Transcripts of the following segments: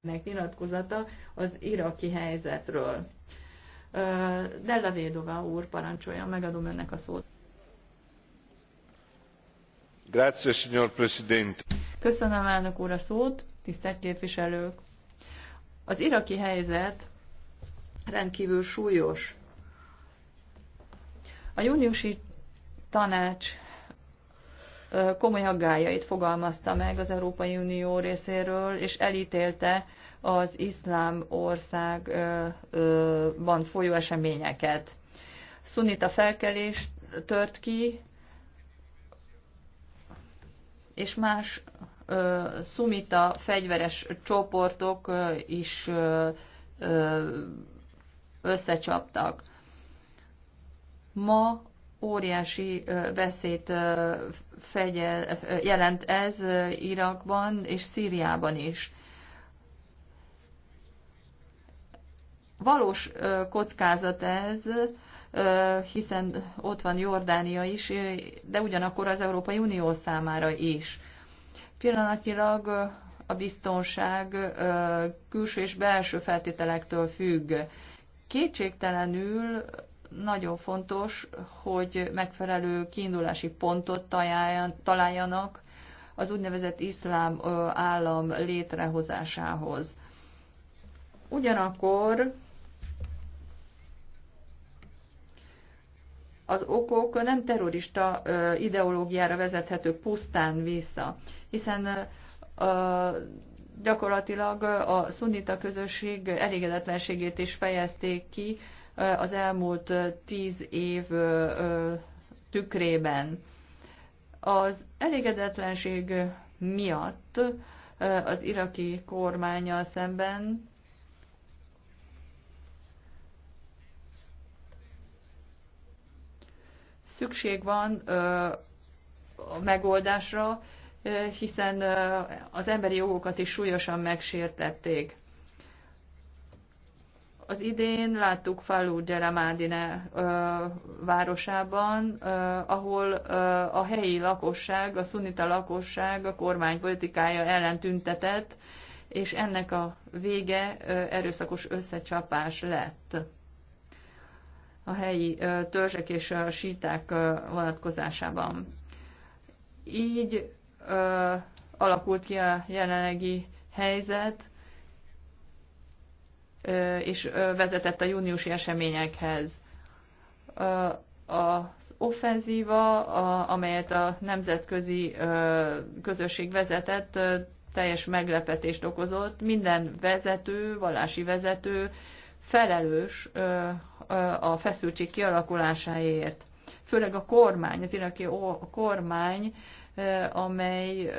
nek nyilatkozata az iraki helyzetről. Della Védova úr, parancsolja, megadom önnek a szót. Grazie, signor Presidente. Köszönöm, elnök úr, a szót, tisztelt képviselők. Az iraki helyzet rendkívül súlyos. A júniusi tanács komoly aggájait fogalmazta meg az Európai Unió részéről, és elítélte az iszlám országban folyó eseményeket. Szunita felkelés tört ki, és más ö, szumita fegyveres csoportok is összecsaptak. Ma óriási veszélyt fegyel, jelent ez Irakban és Szíriában is. Valós kockázat ez, hiszen ott van Jordánia is, de ugyanakkor az Európai Unió számára is. Pillanatnyilag a biztonság külső és belső feltételektől függ. Kétségtelenül nagyon fontos, hogy megfelelő kiindulási pontot találjanak az úgynevezett iszlám állam létrehozásához. Ugyanakkor az okok nem terrorista ideológiára vezethetők pusztán vissza, hiszen gyakorlatilag a szunnita közösség elégedetlenségét is fejezték ki, az elmúlt tíz év tükrében. Az elégedetlenség miatt az iraki kormányjal szemben szükség van a megoldásra, hiszen az emberi jogokat is súlyosan megsértették. Az idén láttuk Falu Gyeremádine városában, ö, ahol ö, a helyi lakosság, a szunita lakosság a kormány politikája ellen tüntetett, és ennek a vége ö, erőszakos összecsapás lett a helyi ö, törzsek és a síták ö, vonatkozásában. Így ö, alakult ki a jelenlegi helyzet, és vezetett a júniusi eseményekhez. Az offenzíva, amelyet a nemzetközi közösség vezetett, teljes meglepetést okozott. Minden vezető, vallási vezető felelős a feszültség kialakulásáért. Főleg a kormány, az iraki kormány, amely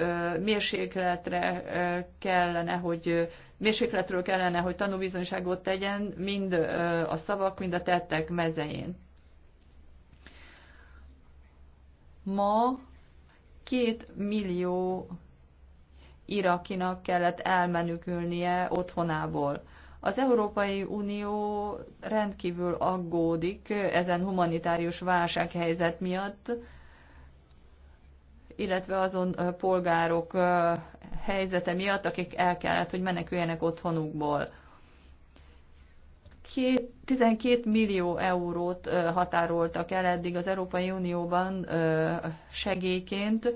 mérsékletre kellene, hogy mérsékletről kellene, hogy tanúbizonyságot tegyen mind a szavak, mind a tettek mezején. Ma két millió irakinak kellett elmenükülnie otthonából. Az Európai Unió rendkívül aggódik ezen humanitárius válsághelyzet miatt, illetve azon polgárok helyzete miatt, akik el kellett, hogy meneküljenek otthonukból. Két, 12 millió eurót határoltak el eddig az Európai Unióban segélyként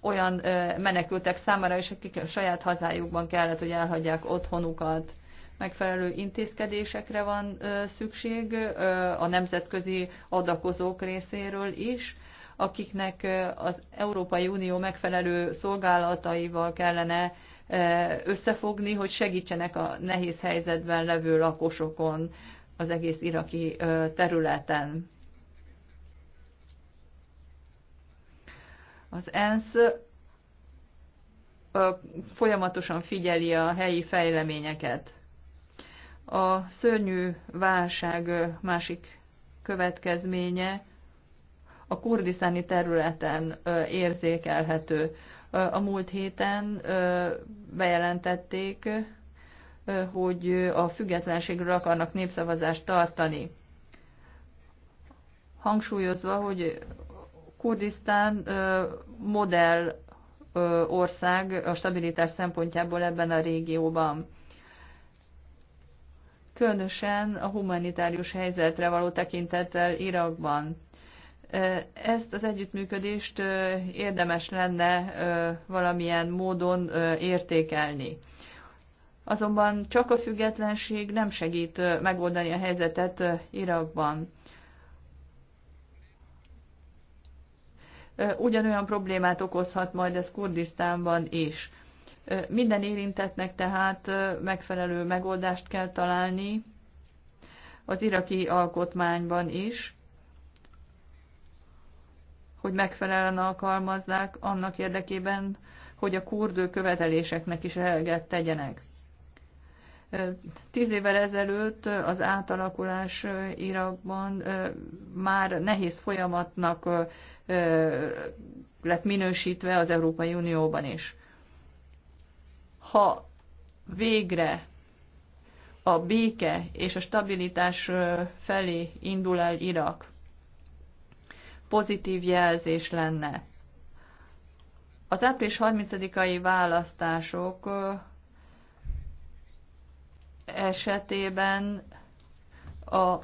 olyan menekültek számára és akik saját hazájukban kellett, hogy elhagyják otthonukat megfelelő intézkedésekre van szükség a nemzetközi adakozók részéről is, akiknek az Európai Unió megfelelő szolgálataival kellene összefogni, hogy segítsenek a nehéz helyzetben levő lakosokon az egész iraki területen. Az ENSZ folyamatosan figyeli a helyi fejleményeket. A szörnyű válság másik következménye a kurdiszáni területen érzékelhető. A múlt héten bejelentették, hogy a függetlenségről akarnak népszavazást tartani. Hangsúlyozva, hogy Kurdisztán modell ország a stabilitás szempontjából ebben a régióban. Különösen a humanitárius helyzetre való tekintettel Irakban ezt az együttműködést érdemes lenne valamilyen módon értékelni. Azonban csak a függetlenség nem segít megoldani a helyzetet Irakban. Ugyanolyan problémát okozhat majd ez Kurdisztánban is. Minden érintetnek tehát megfelelő megoldást kell találni az iraki alkotmányban is hogy megfelelően alkalmazzák annak érdekében, hogy a kurdő követeléseknek is eleget tegyenek. Tíz évvel ezelőtt az átalakulás Irakban már nehéz folyamatnak lett minősítve az Európai Unióban is. Ha végre a béke és a stabilitás felé indul el Irak, pozitív jelzés lenne. Az április 30-ai választások esetében a,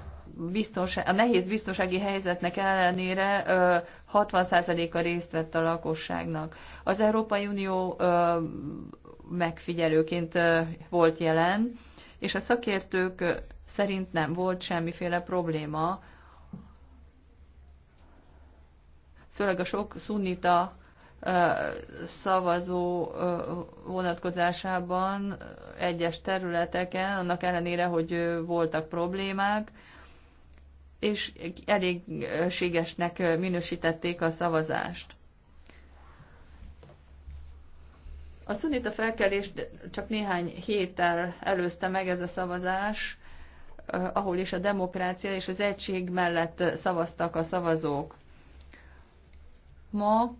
biztonság, a nehéz biztonsági helyzetnek ellenére 60%-a részt vett a lakosságnak. Az Európai Unió megfigyelőként volt jelen, és a szakértők szerint nem volt semmiféle probléma főleg a sok szunnita szavazó vonatkozásában egyes területeken, annak ellenére, hogy voltak problémák, és elégségesnek minősítették a szavazást. A szunita felkelést csak néhány héttel előzte meg ez a szavazás, ahol is a demokrácia és az egység mellett szavaztak a szavazók. Ma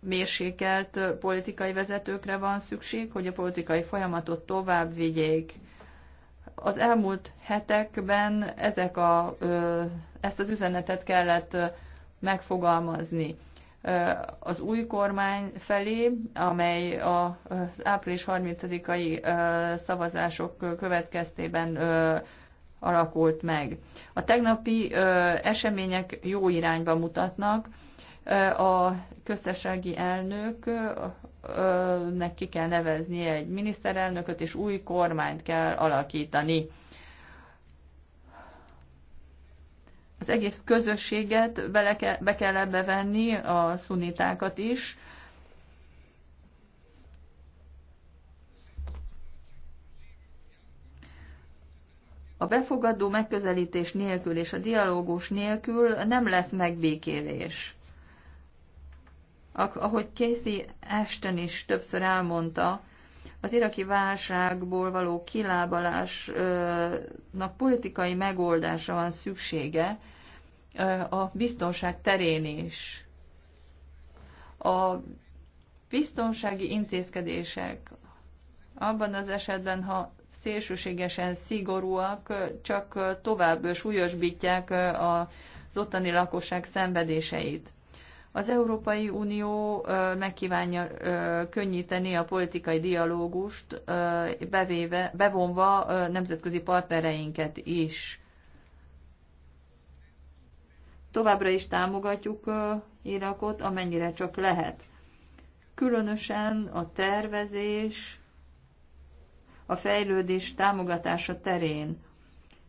mérsékelt politikai vezetőkre van szükség, hogy a politikai folyamatot tovább vigyék. Az elmúlt hetekben ezek a, ezt az üzenetet kellett megfogalmazni az új kormány felé, amely az április 30-ai szavazások következtében alakult meg. A tegnapi események jó irányba mutatnak. A köztársasági elnöknek ki kell nevezni egy miniszterelnököt, és új kormányt kell alakítani. Az egész közösséget be kell ebbe venni, a szunitákat is, A befogadó megközelítés nélkül és a dialógus nélkül nem lesz megbékélés. Ahogy Casey Ashton is többször elmondta, az iraki válságból való kilábalásnak politikai megoldása van szüksége a biztonság terén is. A biztonsági intézkedések abban az esetben, ha szélsőségesen szigorúak, csak tovább súlyosbítják az ottani lakosság szenvedéseit. Az Európai Unió megkívánja könnyíteni a politikai dialógust, bevéve, bevonva nemzetközi partnereinket is. Továbbra is támogatjuk Irakot, amennyire csak lehet. Különösen a tervezés, a fejlődés támogatása terén.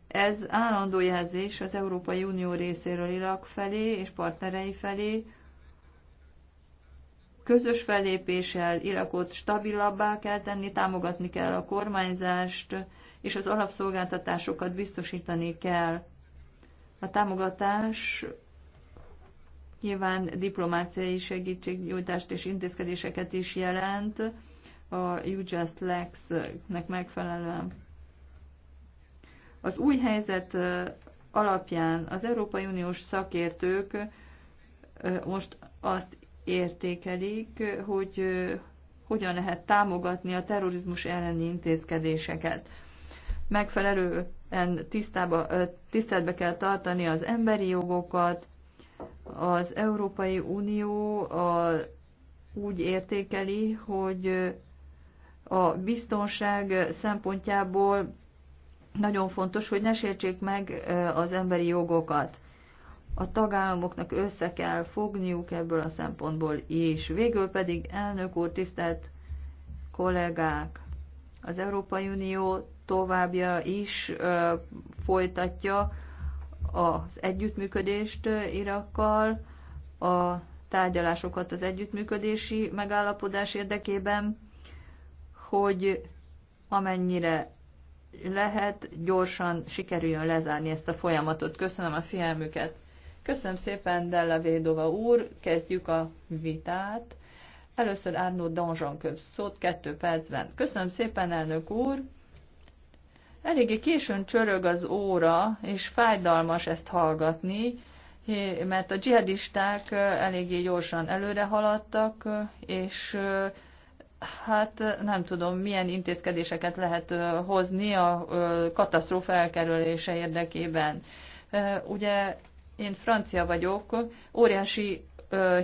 Ez állandó jelzés az Európai Unió részéről Irak felé és partnerei felé, közös fellépéssel Irakot stabilabbá kell tenni, támogatni kell a kormányzást, és az alapszolgáltatásokat biztosítani kell. A támogatás nyilván diplomáciai segítségnyújtást és intézkedéseket is jelent, a just Lex-nek megfelelően. Az új helyzet alapján az Európai Uniós szakértők most azt értékelik, hogy hogyan lehet támogatni a terrorizmus elleni intézkedéseket. Megfelelően tisztába, tiszteletbe kell tartani az emberi jogokat, az Európai Unió a, úgy értékeli, hogy a biztonság szempontjából nagyon fontos, hogy ne sértsék meg az emberi jogokat. A tagállamoknak össze kell fogniuk ebből a szempontból is. Végül pedig, elnök úr, tisztelt kollégák, az Európai Unió továbbja is folytatja az együttműködést Irakkal, a tárgyalásokat az együttműködési megállapodás érdekében hogy amennyire lehet, gyorsan sikerüljön lezárni ezt a folyamatot. Köszönöm a figyelmüket. Köszönöm szépen, Della Védova úr. Kezdjük a vitát. Először Árnó Danzsan köp szót, kettő percben. Köszönöm szépen, elnök úr. Eléggé későn csörög az óra, és fájdalmas ezt hallgatni, mert a dzsihadisták eléggé gyorsan előre haladtak, és Hát nem tudom, milyen intézkedéseket lehet hozni a katasztrófa elkerülése érdekében. Ugye én francia vagyok, óriási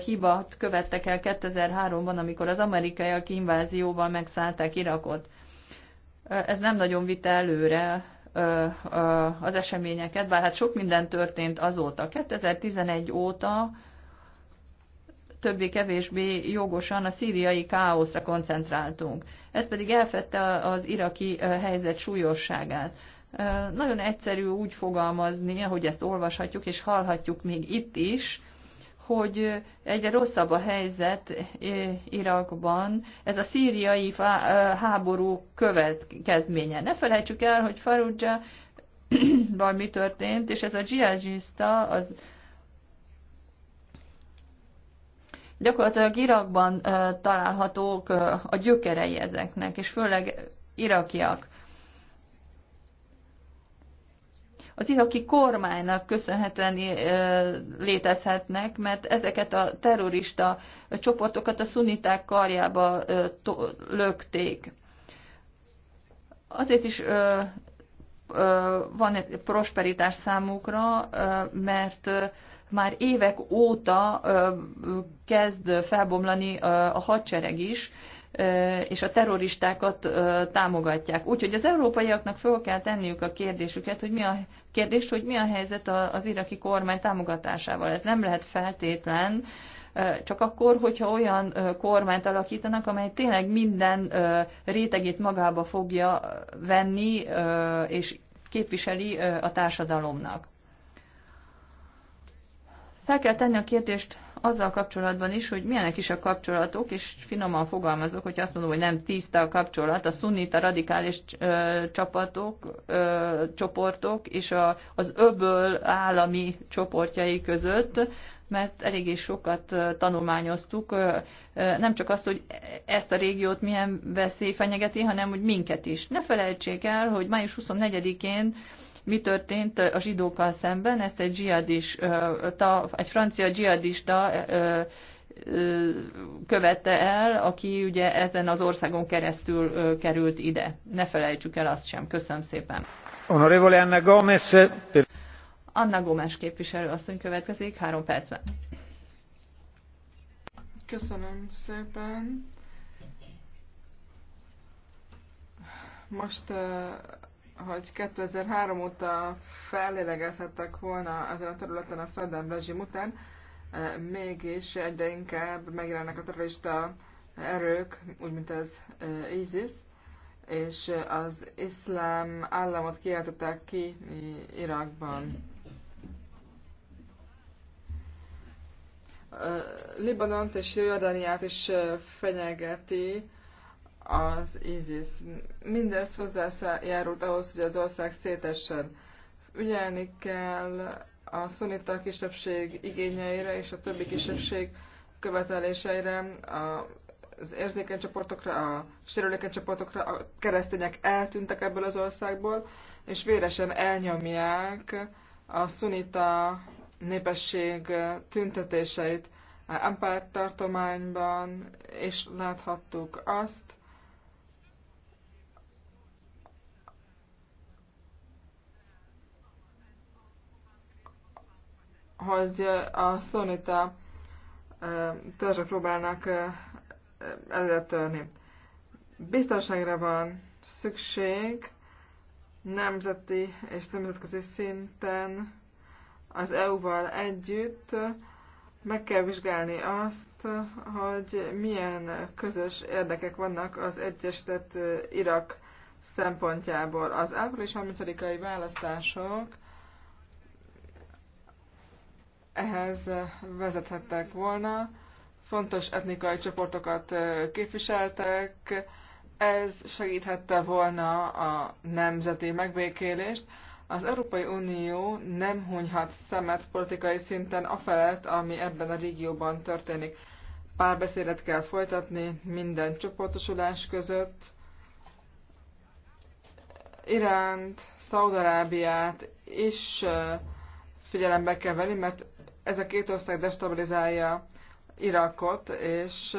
hibat követtek el 2003-ban, amikor az amerikaiak invázióval megszállták Irakot. Ez nem nagyon vitte előre az eseményeket, bár hát sok minden történt azóta. 2011 óta többé-kevésbé jogosan a szíriai káoszra koncentráltunk. Ez pedig elfette az iraki helyzet súlyosságát. Nagyon egyszerű úgy fogalmazni, ahogy ezt olvashatjuk és hallhatjuk még itt is, hogy egyre rosszabb a helyzet Irakban. Ez a szíriai háború következménye. Ne felejtsük el, hogy Farudzsa mi történt, és ez a dzsihadista, az Gyakorlatilag Irakban találhatók a gyökerei ezeknek, és főleg irakiak. az iraki kormánynak köszönhetően létezhetnek, mert ezeket a terrorista csoportokat a szuniták karjába lökték. Azért is van egy prosperitás számukra, mert már évek óta kezd felbomlani a hadsereg is, és a terroristákat támogatják. Úgyhogy az európaiaknak föl kell tenniük a kérdésüket, hogy mi a kérdést, hogy mi a helyzet az iraki kormány támogatásával. Ez nem lehet feltétlen, csak akkor, hogyha olyan kormányt alakítanak, amely tényleg minden rétegét magába fogja venni, és képviseli a társadalomnak. Fel kell tenni a kérdést azzal kapcsolatban is, hogy milyenek is a kapcsolatok, és finoman fogalmazok, hogy azt mondom, hogy nem tiszta a kapcsolat, a szunnita radikális ö, csapatok, ö, csoportok és a, az öböl állami csoportjai között, mert eléggé sokat tanulmányoztuk, nem csak azt, hogy ezt a régiót milyen veszély fenyegeti, hanem hogy minket is. Ne felejtsék el, hogy május 24-én mi történt a zsidókkal szemben, ezt egy, dzsihadista, egy francia dzsihadista követte el, aki ugye ezen az országon keresztül került ide. Ne felejtsük el azt sem. Köszönöm szépen. Honorevole Anna Gomez. Anna Gomes képviselő asszony következik, három percben. Köszönöm szépen. Most hogy 2003 óta fellélegezhettek volna ezen a területen a Saddam rezsim után, e, mégis egyre inkább megjelennek a terrorista erők, úgy mint az e, ISIS, és az iszlám államot kiáltották ki e, Irakban. Libanont és Jordániát is fenyegeti az ISIS. Mindez hozzájárult ahhoz, hogy az ország szétessen. Ügyelni kell a szunita kisebbség igényeire és a többi kisebbség követeléseire, az érzékeny csoportokra, a sérülékeny csoportokra, a keresztények eltűntek ebből az országból, és véresen elnyomják a szunita népesség tüntetéseit. Ampár tartományban és láthattuk azt, hogy a szonita törzsre próbálnak előre törni. Biztonságra van szükség nemzeti és nemzetközi szinten az EU-val együtt meg kell vizsgálni azt, hogy milyen közös érdekek vannak az Egyesített Irak szempontjából. Az április 30-ai választások ehhez vezethettek volna. Fontos etnikai csoportokat képviseltek, ez segíthette volna a nemzeti megbékélést. Az Európai Unió nem hunyhat szemet politikai szinten a felett, ami ebben a régióban történik. Párbeszédet kell folytatni minden csoportosulás között. Iránt, Szaudarábiát is figyelembe kell venni, mert ez a két ország destabilizálja Irakot, és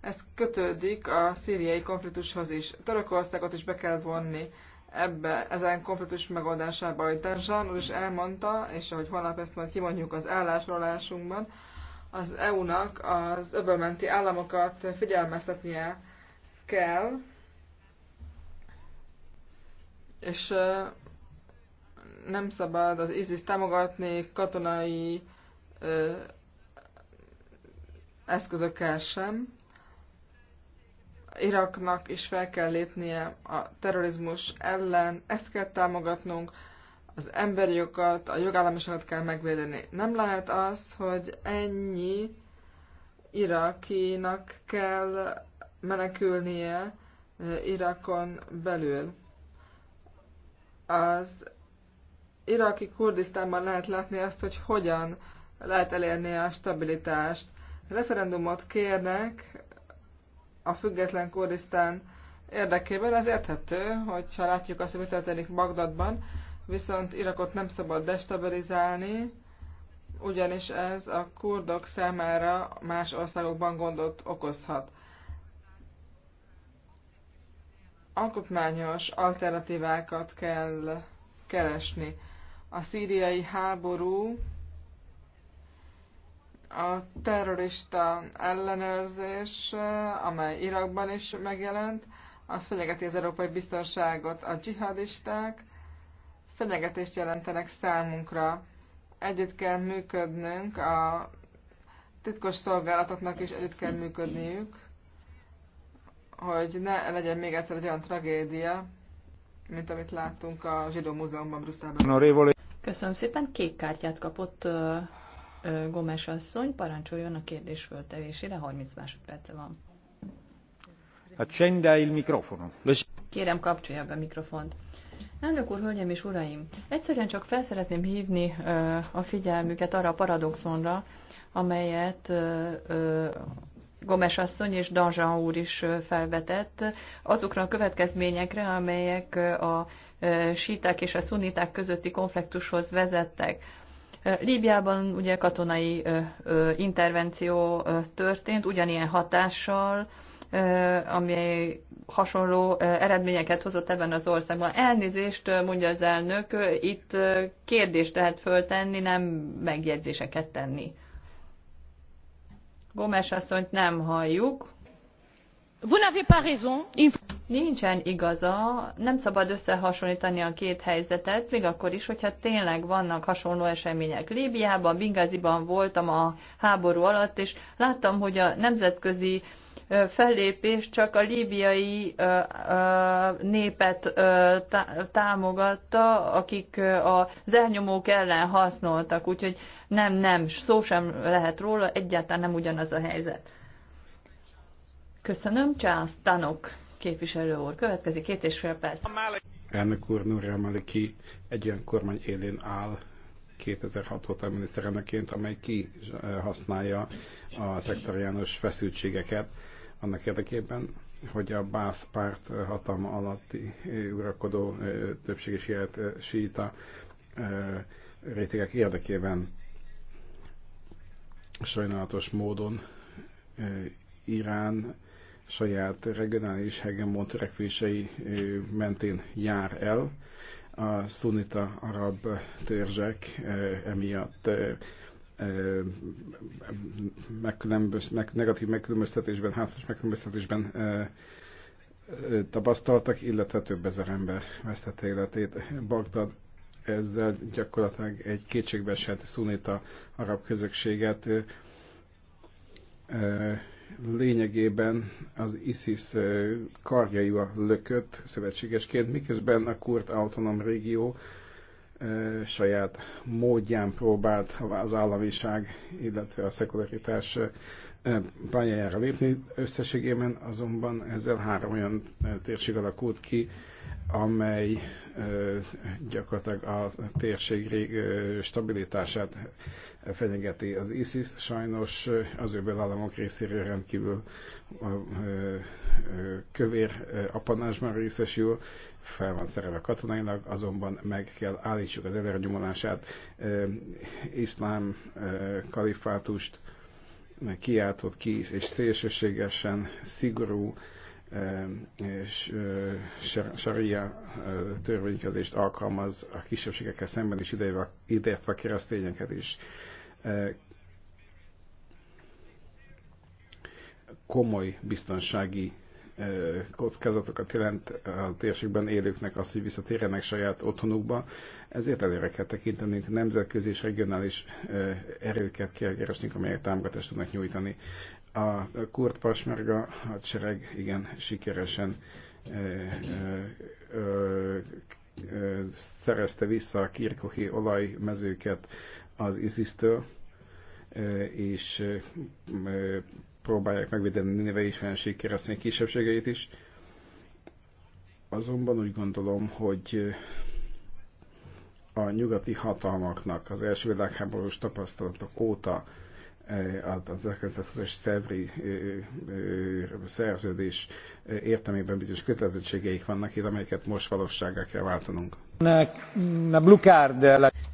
ez kötődik a szíriai konfliktushoz is. Törökországot is be kell vonni ebbe, ezen konfliktus megoldásába, hogy Tanzsán úr is elmondta, és ahogy holnap ezt majd kimondjuk az állásolásunkban, az EU-nak az öbölmenti államokat figyelmeztetnie kell, és nem szabad az ISIS támogatni katonai ö, eszközökkel sem. Iraknak is fel kell lépnie a terrorizmus ellen, ezt kell támogatnunk, az emberi jogokat, a jogállamiságot kell megvédeni. Nem lehet az, hogy ennyi irakinak kell menekülnie Irakon belül. Az iraki Kurdisztánban lehet látni azt, hogy hogyan lehet elérni a stabilitást. Referendumot kérnek a független Kurdisztán érdekében, ez érthető, hogyha látjuk azt, hogy mi történik Bagdadban, viszont Irakot nem szabad destabilizálni, ugyanis ez a kurdok számára más országokban gondot okozhat. Alkotmányos alternatívákat kell keresni. A szíriai háború a terrorista ellenőrzés, amely Irakban is megjelent, az fenyegeti az európai biztonságot. A dzsihadisták fenyegetést jelentenek számunkra. Együtt kell működnünk, a titkos szolgálatoknak is együtt kell működniük, hogy ne legyen még egyszer egy olyan tragédia, mint amit láttunk a Zsidó Múzeumban Brüsszelben. Köszönöm szépen, kék kártyát kapott Gomes asszony, parancsoljon a kérdés föltevésére, 30 másodperce van. Accenda hát il microfono. Kérem, kapcsolja be a mikrofont. Elnök úr, hölgyem és uraim! Egyszerűen csak szeretném hívni a figyelmüket arra a paradoxonra, amelyet Gomes asszony és Danzsa úr is felvetett, azokra a következményekre, amelyek a síták és a szuniták közötti konfliktushoz vezettek. Líbiában ugye katonai intervenció történt, ugyanilyen hatással, ami hasonló eredményeket hozott ebben az országban. Elnézést, mondja az elnök, itt kérdést lehet föltenni, nem megjegyzéseket tenni. Gomes asszonyt nem halljuk. Vous n'avez pas raison. Nincsen igaza, nem szabad összehasonlítani a két helyzetet, még akkor is, hogyha tényleg vannak hasonló események. Líbiában, Bingáziban voltam a háború alatt, és láttam, hogy a nemzetközi fellépés csak a líbiai népet támogatta, akik az elnyomók ellen hasznoltak, úgyhogy nem, nem, szó sem lehet róla, egyáltalán nem ugyanaz a helyzet. Köszönöm, Charles Tanok képviselő úr. Következik két és fél perc. Elnök úr, Nuri Maliki egy olyan kormány élén áll 2006 óta miniszterelnökként, amely ki eh, használja a szektoriános feszültségeket annak érdekében, hogy a Bász párt hatalma alatti eh, uralkodó eh, többség is síta rétegek érdekében sajnálatos módon Irán saját regionális hegemon törekvései mentén jár el. A szunita arab törzsek emiatt meg, negatív megkülönböztetésben, hátrányos megkülönböztetésben tapasztaltak, illetve több ezer ember vesztette életét. Bagdad ezzel gyakorlatilag egy kétségbeesett szunita arab közökséget lényegében az ISIS eh, karjaiba lökött szövetségesként, miközben a kurt autonóm régió eh, saját módján próbált az államiság, illetve a szekularitás eh, E, pályájára lépni. Összességében azonban ezzel három olyan e, térség alakult ki, amely e, gyakorlatilag a térség stabilitását fenyegeti. Az ISIS sajnos az ő államok részéről rendkívül kövér apanásban részesül, fel van szereve katonailag, azonban meg kell állítsuk az nyomulását, iszlám kalifátust, kiáltott ki, és szélsőségesen szigorú eh, és eh, saria eh, törvénykezést alkalmaz a kisebbségekkel szemben is, ideértve a keresztényeket is. Komoly biztonsági kockázatokat jelent a térségben élőknek az, hogy visszatérjenek saját otthonukba, ezért előre kell tekintenünk, nemzetközi és regionális erőket kell keresnünk, amelyek támogatást tudnak nyújtani. A kurt pasmerga hadsereg igen sikeresen szerezte vissza a kirkohi olajmezőket az ISIS-től, és próbálják megvédeni Nineve is fenség keresztény kisebbségeit is. Azonban úgy gondolom, hogy a nyugati hatalmaknak az első világháborús tapasztalatok óta eh, az 1920-as szervri eh, eh, szerződés értelmében bizonyos kötelezettségeik vannak itt, amelyeket most valóságá kell váltanunk.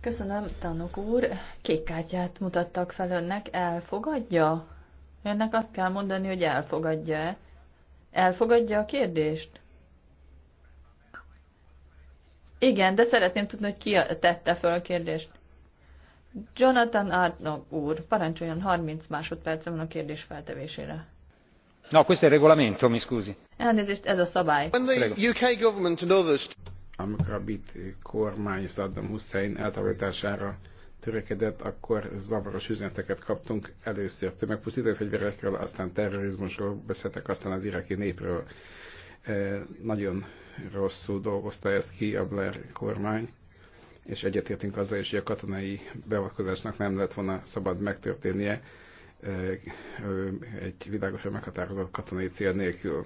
Köszönöm, tanok úr. Kék kártyát mutattak fel önnek. Elfogadja? Önnek azt kell mondani, hogy elfogadja-e. Elfogadja a kérdést? Igen, de szeretném tudni, hogy ki tette föl a kérdést. Jonathan Artnog úr, parancsoljon 30 másodperce van a kérdés feltevésére. No, questo è il regolamento, mi scusi. Elnézést, ez a szabály. When the UK government and others... Amikor a BIT kormány Saddam Hussein eltakarítására törekedett, akkor zavaros üzeneteket kaptunk. Először tömegpusztító fegyverekről, aztán terrorizmusról beszéltek, aztán az iraki népről. E, nagyon rosszul dolgozta ezt ki a Blair kormány, és egyetértünk azzal is, hogy a katonai beavatkozásnak nem lett volna szabad megtörténnie e, egy világosan meghatározott katonai cél nélkül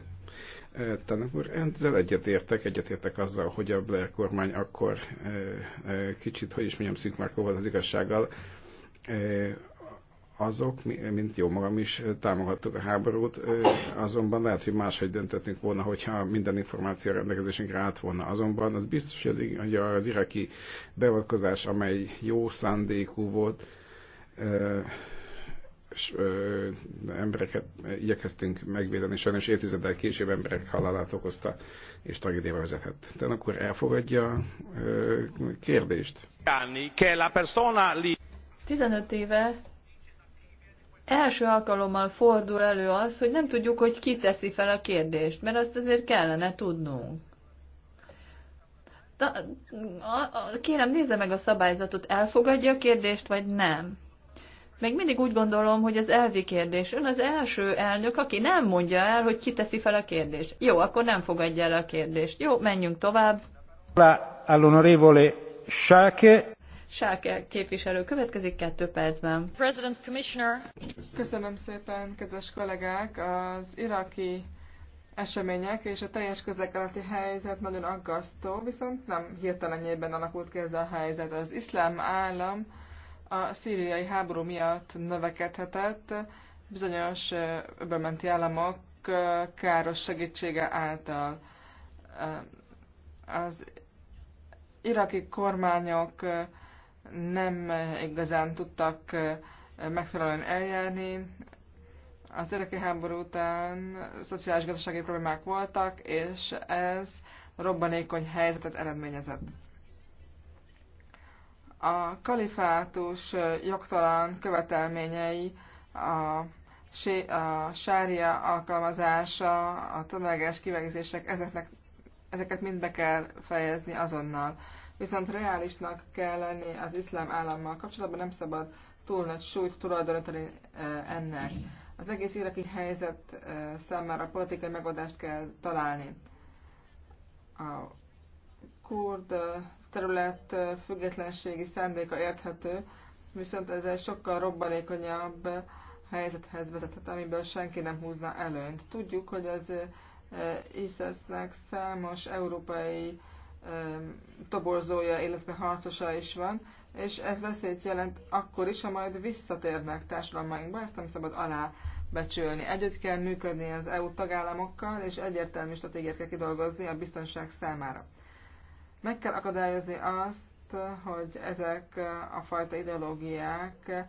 Tanner úr, ezzel egyetértek, egyetértek azzal, hogy a Blair kormány akkor eh, eh, kicsit, hogy is mondjam, szintmarkó volt az igazsággal. Eh, azok, mint jó magam is, támogattuk a háborút, azonban lehet, hogy máshogy döntöttünk volna, hogyha minden információ rendelkezésünkre állt volna. Azonban az biztos, hogy az, hogy az iraki beavatkozás, amely jó szándékú volt, embereket igyekeztünk megvédeni, sajnos évtizeddel később emberek halálát okozta, és tragédiába vezethet. De akkor elfogadja a kérdést. 15 éve első alkalommal fordul elő az, hogy nem tudjuk, hogy ki teszi fel a kérdést, mert azt azért kellene tudnunk. Kérem, nézze meg a szabályzatot, elfogadja a kérdést, vagy nem? Még mindig úgy gondolom, hogy ez elvi kérdés. Ön az első elnök, aki nem mondja el, hogy ki teszi fel a kérdést. Jó, akkor nem fogadja el a kérdést. Jó, menjünk tovább. All'onorevole Sáke. Sáke képviselő következik kettő percben. President Commissioner. Köszönöm szépen, kedves kollégák! Az iraki események és a teljes közlekedeti helyzet nagyon aggasztó, viszont nem hirtelenjében alakult ki ez a helyzet. Az iszlám állam a szíriai háború miatt növekedhetett bizonyos öbölmenti államok káros segítsége által. Az iraki kormányok nem igazán tudtak megfelelően eljárni. Az iraki háború után szociális-gazdasági problémák voltak, és ez robbanékony helyzetet eredményezett. A kalifátus jogtalan követelményei, a, a sária alkalmazása, a tömeges kivegzések, ezeknek, ezeket mind be kell fejezni azonnal. Viszont reálisnak kell lenni az iszlám állammal kapcsolatban, nem szabad túl nagy súlyt tulajdonítani ennek. Az egész iraki helyzet számára politikai megoldást kell találni. A kurd terület függetlenségi szándéka érthető, viszont ez egy sokkal robbanékonyabb helyzethez vezethet, amiből senki nem húzna előnyt. Tudjuk, hogy az ISIS-nek számos európai toborzója, illetve harcosa is van, és ez veszélyt jelent akkor is, ha majd visszatérnek társadalmainkba, ezt nem szabad alábecsülni. Együtt kell működni az EU tagállamokkal, és egyértelmű stratégiát kell kidolgozni a biztonság számára. Meg kell akadályozni azt, hogy ezek a fajta ideológiák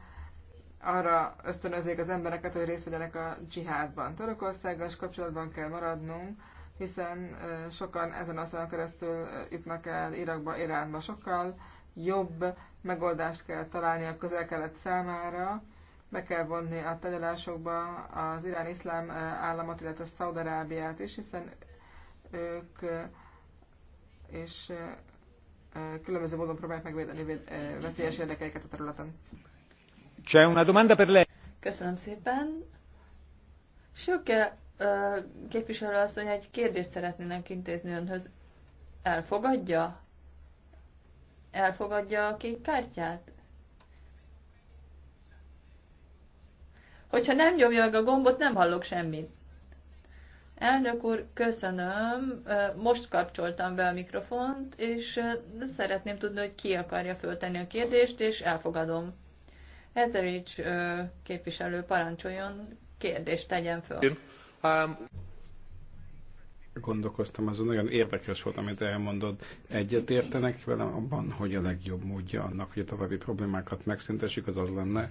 arra ösztönözzék az embereket, hogy részt vegyenek a dzsihádban. Törökországgal is kapcsolatban kell maradnunk, hiszen sokan ezen a szalon keresztül jutnak el Irakba, Iránba. Sokkal jobb megoldást kell találni a közel-kelet számára, be kell vonni a tegyelásokba az irán iszlám államot, illetve Szaudarábiát is, hiszen ők és különböző módon próbálják megvédeni veszélyes érdekeiket a területen. C'è una domanda per lei. Köszönöm szépen. Sőke képviselő asszony egy kérdést szeretnének intézni önhöz. Elfogadja? Elfogadja a kék kártyát? Hogyha nem nyomja meg a gombot, nem hallok semmit. Elnök úr, köszönöm. Most kapcsoltam be a mikrofont, és szeretném tudni, hogy ki akarja föltenni a kérdést, és elfogadom. Ezerics képviselő parancsoljon, kérdést tegyen föl. Gondolkoztam azon, nagyon érdekes volt, amit elmondod. Egyet értenek velem abban, hogy a legjobb módja annak, hogy a további problémákat megszüntessük, az az lenne,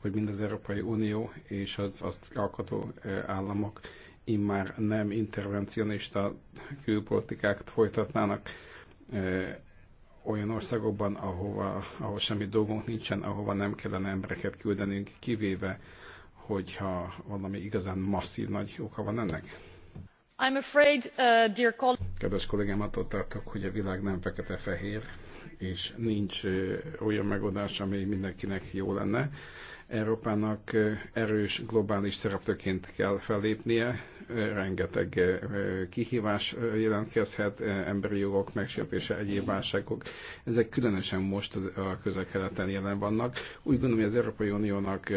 hogy mind az Európai Unió és az azt alkotó államok immár nem intervencionista külpolitikákat folytatnának olyan országokban, ahova, ahol semmi dolgunk nincsen, ahova nem kellene embereket küldenünk, kivéve, hogyha valami igazán masszív nagy oka van ennek? I'm afraid, uh, dear Kedves kollégám, attól tartok, hogy a világ nem fekete-fehér, és nincs olyan megoldás, ami mindenkinek jó lenne. Európának erős globális szereplőként kell fellépnie, rengeteg kihívás jelentkezhet, emberi jogok megsértése, egyéb válságok. Ezek különösen most a közel-keleten jelen vannak. Úgy gondolom, hogy az Európai Uniónak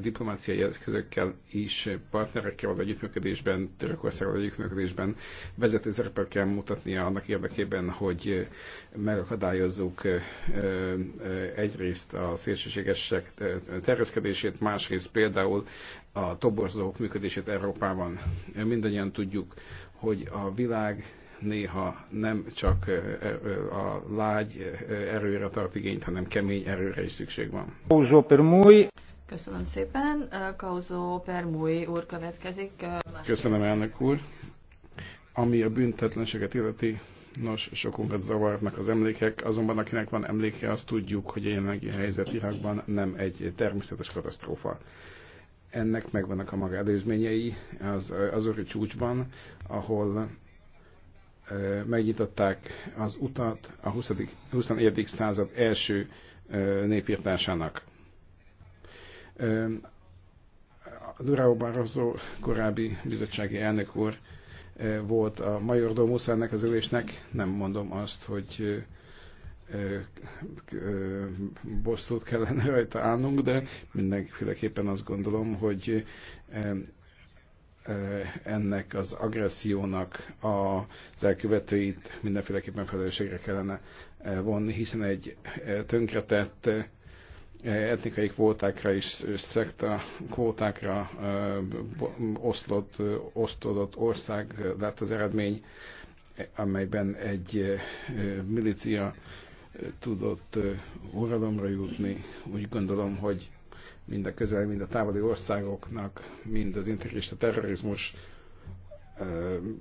diplomáciai eszközökkel is partnerekkel vagy együttműködésben, Törökországgal együttműködésben vezető szerepet kell mutatnia annak érdekében, hogy megakadályozzuk egyrészt a szélsőségesek terjeszkedését, másrészt például a toborzók működését Európában. Mindannyian tudjuk, hogy a világ néha nem csak a lágy erőre tart igényt, hanem kemény erőre is szükség van. Köszönöm szépen. Kauzó Permúj úr következik. Köszönöm elnök úr. Ami a büntetlenséget illeti, Nos, sokunkat zavarnak az emlékek, azonban akinek van emléke, azt tudjuk, hogy a jelenlegi helyzet Irakban nem egy természetes katasztrófa. Ennek megvannak a maga előzményei az azori csúcsban, ahol e, megnyitották az utat a 20. 21. század első e, népírtásának. E, Durao Barroso korábbi bizottsági elnök úr volt a majordomusz ennek az ülésnek, nem mondom azt, hogy bosszút kellene rajta állnunk, de mindenféleképpen azt gondolom, hogy ennek az agressziónak az elkövetőit mindenféleképpen felelősségre kellene vonni, hiszen egy tönkretett E, etnikai kvótákra és szekta kvótákra e, oszlott, e, osztodott ország lett az eredmény, amelyben egy milícia tudott uralomra jutni. Úgy gondolom, hogy mind a közel, mind a távoli országoknak, mind az integrista terrorizmus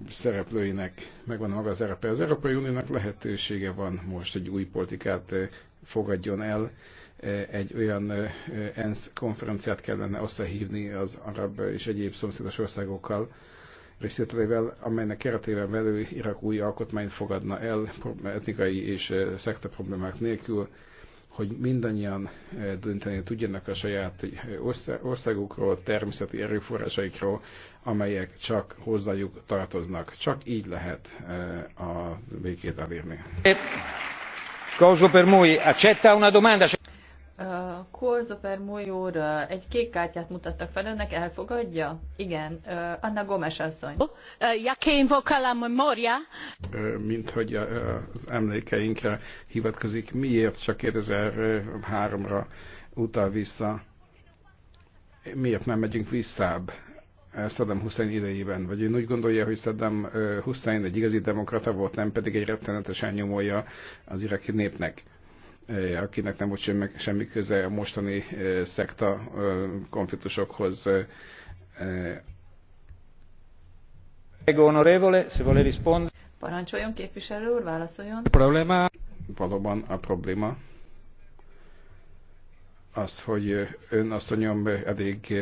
szereplőinek megvan maga az erepe. Az Európai Uniónak lehetősége van most egy új politikát fogadjon el, egy olyan ENSZ konferenciát kellene összehívni az arab és egyéb szomszédos országokkal, részletével, amelynek keretében belül Irak új alkotmányt fogadna el etnikai és szekta problémák nélkül, hogy mindannyian dönteni tudjanak a saját országukról, természeti erőforrásaikról, amelyek csak hozzájuk tartoznak. Csak így lehet a békét elérni. Coso per accetta una domanda. Korza per Mojóra egy kék kártyát mutattak fel, önnek elfogadja? Igen, Anna Gomes asszony. Jaké invoca la memoria? Mint hogy az emlékeinkre hivatkozik, miért csak 2003-ra utal vissza? Miért nem megyünk visszább? Saddam Hussein idejében, vagy Ön úgy gondolja, hogy Saddam Hussein egy igazi demokrata volt, nem pedig egy rettenetesen nyomolja az iraki népnek akinek nem volt semmi, semmi köze a mostani szekta konfliktusokhoz. Parancsoljon, képviselő úr, válaszoljon. Problema. Valóban a probléma az, hogy ön azt mondjam, elég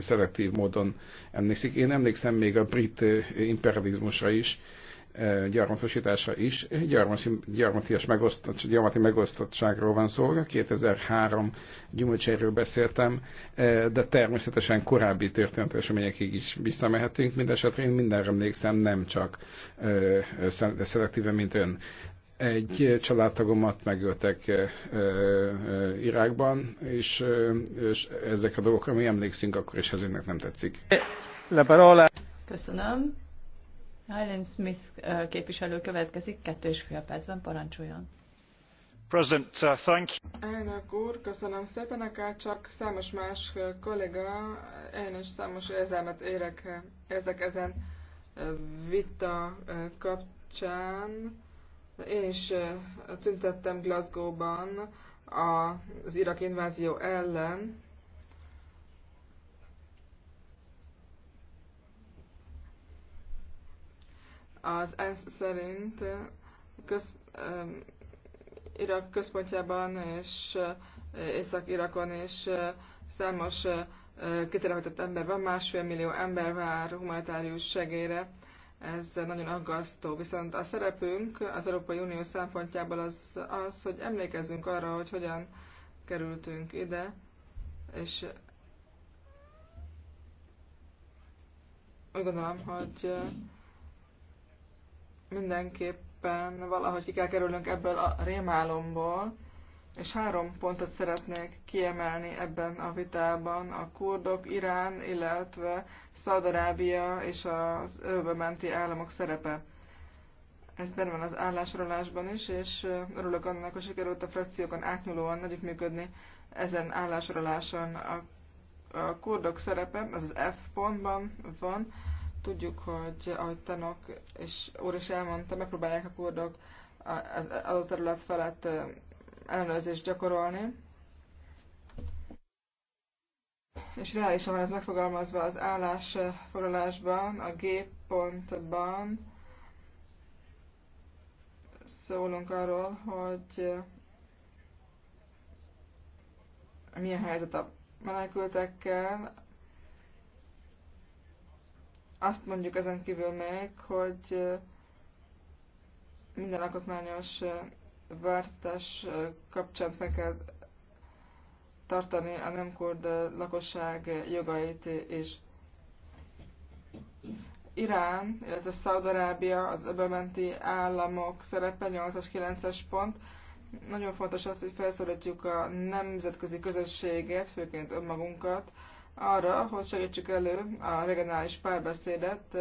szelektív módon emlékszik. Én emlékszem még a brit imperializmusra is, gyarmatosítása is. Gyarmatias megosztott, gyarmati megosztottságról van szó. 2003 gyümölcséről beszéltem, de természetesen korábbi történet eseményekig is visszamehetünk. Mindenesetre én mindenre emlékszem, nem csak szelektíven, mint ön. Egy családtagomat megöltek Irákban, és, és ezek a dolgok, ami emlékszünk, akkor is ez önnek nem tetszik. Köszönöm. Helen Smith képviselő következik, kettő és fél percben parancsoljon. President, uh, thank you. Elnök úr, köszönöm szépen, akár csak számos más kolléga, én is számos érzelmet érek, ezek ezen vita kapcsán. Én is tüntettem Glasgow-ban az irak invázió ellen, Az ENSZ szerint köz, Irak központjában és eh, Észak-Irakon és eh, számos eh, kitelepített ember van, másfél millió ember vár humanitárius segélyre. Ez nagyon aggasztó. Viszont a szerepünk az Európai Unió szempontjából az, az, hogy emlékezzünk arra, hogy hogyan kerültünk ide, és úgy gondolom, hogy mindenképpen valahogy ki kell kerülnünk ebből a rémálomból, és három pontot szeretnék kiemelni ebben a vitában, a kurdok, Irán, illetve Szaudarábia és az menti államok szerepe. Ez benne van az állásrólásban is, és örülök annak, hogy sikerült a frakciókon átnyúlóan együttműködni ezen állásoláson. A, a kurdok szerepe, az az F pontban van, Tudjuk, hogy ahogy tanok, és úr is elmondta, megpróbálják a kurdok az adott terület felett ellenőrzést gyakorolni. És reálisan van ez megfogalmazva az állásfoglalásban, a G pontban szólunk arról, hogy milyen helyzet a menekültekkel, azt mondjuk ezen kívül még, hogy minden alkotmányos választás kapcsán fel kell tartani a nem kurd lakosság jogait és Irán, illetve Szaudarábia, az öbölmenti államok szerepe 8-as, 9-es pont. Nagyon fontos az, hogy felszólítjuk a nemzetközi közösséget, főként önmagunkat, arra, hogy segítsük elő a regionális párbeszédet,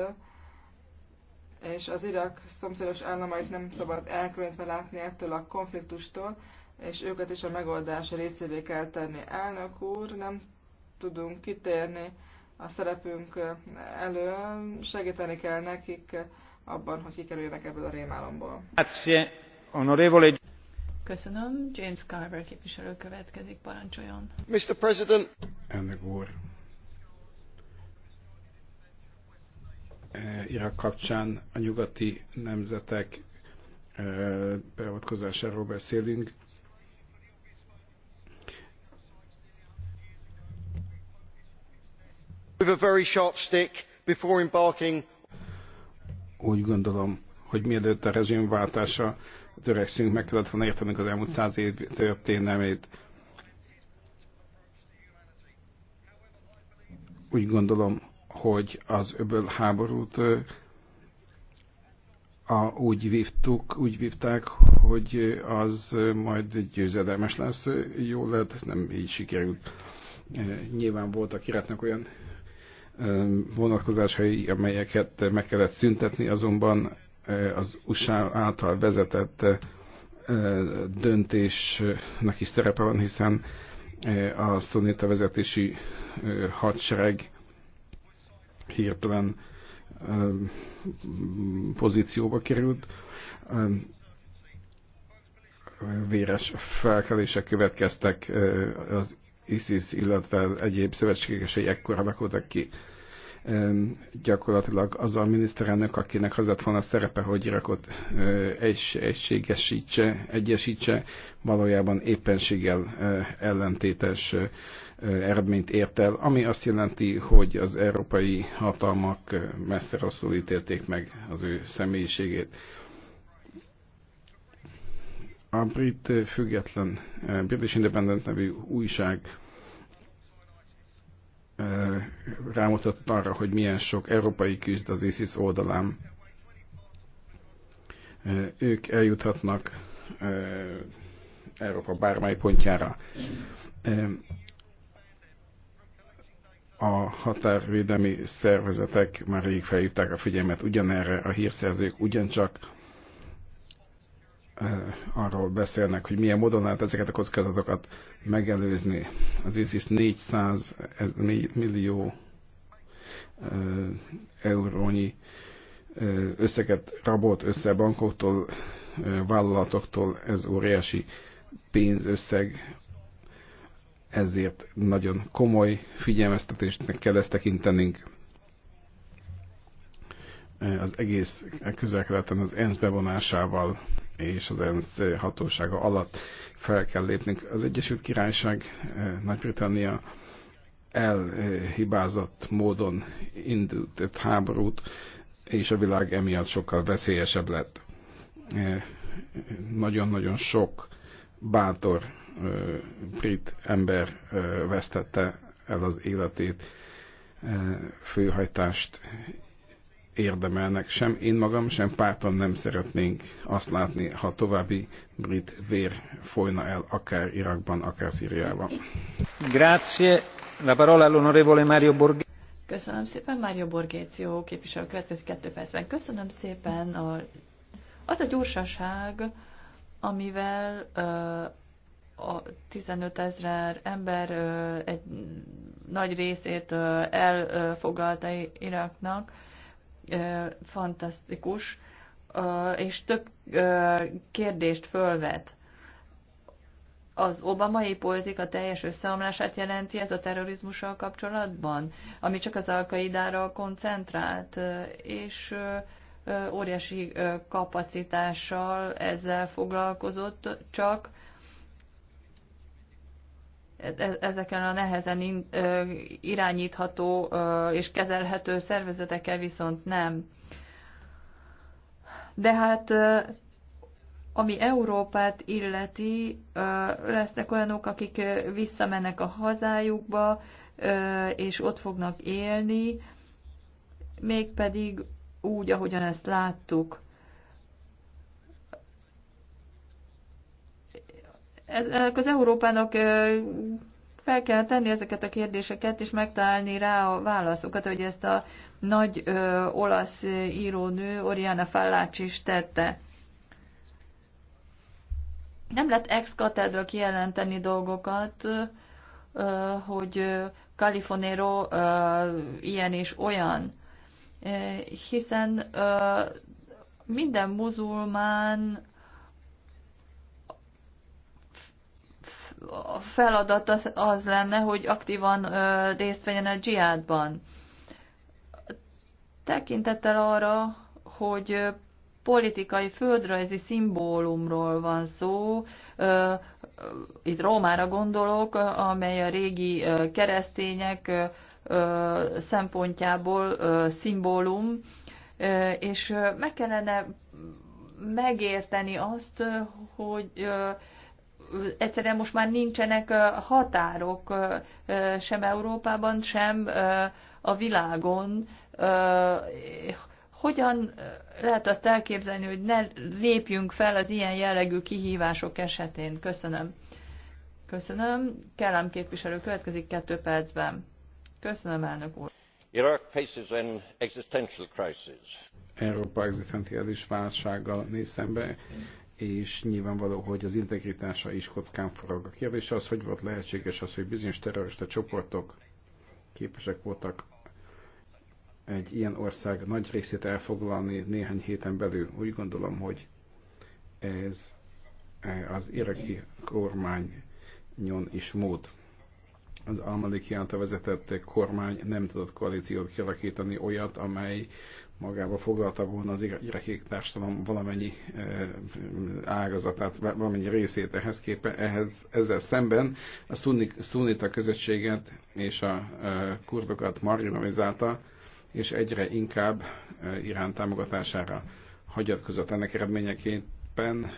és az Irak szomszédos államait nem szabad elkülönítve látni ettől a konfliktustól, és őket is a megoldás részévé kell tenni. Elnök úr, nem tudunk kitérni a szerepünk elő, segíteni kell nekik abban, hogy kikerüljenek ebből a rémálomból. Köszönöm. James Carver képviselő következik, parancsoljon. Mr. President. Elnök úr, Eh, Irak kapcsán a nyugati nemzetek eh, beavatkozásáról beszélünk. With a very sharp stick before embarking. Úgy gondolom, hogy mielőtt a rezsimváltása törekszünk, meg kellett volna értenünk az elmúlt száz év történelmét. Úgy gondolom, hogy az öböl háborút a, úgy vívtuk, úgy vívták, hogy az majd győzedelmes lesz. jó lehet, ez nem így sikerült. Nyilván voltak iratnak olyan vonatkozásai, amelyeket meg kellett szüntetni, azonban az USA által vezetett döntésnek is szerepe van, hiszen a szonita vezetési hadsereg hirtelen pozícióba került. Véres felkelések következtek az ISIS, illetve egyéb szövetségesei ekkora rakodtak ki gyakorlatilag az a miniszterelnök, akinek az lett volna a szerepe, hogy Irakot egységesítse, egyesítse, valójában éppenséggel ellentétes eredményt ért el, ami azt jelenti, hogy az európai hatalmak messze rosszul ítélték meg az ő személyiségét. A brit független British Independent nevű újság rámutatott arra, hogy milyen sok európai küzd az ISIS oldalán. Ők eljuthatnak Európa bármely pontjára a határvédelmi szervezetek már rég felhívták a figyelmet ugyanerre, a hírszerzők ugyancsak eh, arról beszélnek, hogy milyen módon lehet ezeket a kockázatokat megelőzni. Az ISIS 400 ez millió eh, eurónyi eh, összeget rabolt össze bankoktól, vállalatoktól, ez óriási pénzösszeg ezért nagyon komoly figyelmeztetésnek kell ezt tekintenünk. Az egész közelkeleten az ENSZ bevonásával és az ENSZ hatósága alatt fel kell lépnünk. Az Egyesült Királyság, eh, Nagy-Britannia elhibázott módon indult háborút, és a világ emiatt sokkal veszélyesebb lett. Eh, nagyon-nagyon sok bátor brit ember vesztette el az életét, főhajtást érdemelnek. Sem én magam, sem pártom nem szeretnénk azt látni, ha további brit vér folyna el akár Irakban, akár Szíriában. Grazie. La parola all'onorevole Mario Borghi. Köszönöm szépen, Mário Borgéció képviselő következik 2 percben. Köszönöm szépen a, az a gyorsaság, amivel uh, a 15 ezer ember egy nagy részét elfoglalta Iraknak, fantasztikus, és több kérdést fölvet. Az obamai politika teljes összeomlását jelenti ez a terrorizmussal kapcsolatban, ami csak az alkaidára koncentrált, és óriási kapacitással ezzel foglalkozott, csak E- e- ezeken a nehezen irányítható és kezelhető szervezetekkel viszont nem. De hát ami Európát illeti, lesznek olyanok, akik visszamennek a hazájukba, és ott fognak élni, mégpedig úgy, ahogyan ezt láttuk. Ezek az Európának fel kell tenni ezeket a kérdéseket, és megtalálni rá a válaszokat, hogy ezt a nagy ö, olasz írónő Oriana Fallács is tette. Nem lett ex katedra kijelenteni dolgokat, ö, hogy Califonero ö, ilyen és olyan, ö, hiszen ö, minden muzulmán a feladat az, az lenne, hogy aktívan ö, részt vegyen a dzsihádban. Tekintettel arra, hogy politikai földrajzi szimbólumról van szó, ö, itt Rómára gondolok, amely a régi keresztények ö, szempontjából ö, szimbólum, ö, és meg kellene megérteni azt, hogy ö, egyszerűen most már nincsenek határok sem Európában, sem a világon. Hogyan lehet azt elképzelni, hogy ne lépjünk fel az ilyen jellegű kihívások esetén? Köszönöm. Köszönöm. Kellem képviselő következik kettő percben. Köszönöm, elnök úr. Iraq faces an existential crisis. Európa egzisztenciális válsággal néz szembe és nyilvánvaló, hogy az integritása is kockán forog. A kérdés az, hogy volt lehetséges az, hogy bizonyos terrorista csoportok képesek voltak egy ilyen ország nagy részét elfoglalni néhány héten belül. Úgy gondolom, hogy ez eh, az iraki kormány nyon is mód az Almaliki által vezetett kormány nem tudott koalíciót kialakítani olyat, amely magába foglalta volna az iraki társadalom valamennyi e, ágazatát, valamennyi részét ehhez képe, ehhez, ezzel szemben a szunita közösséget és a e, kurdokat marginalizálta, és egyre inkább e, Irán támogatására hagyatkozott. Ennek eredményeképpen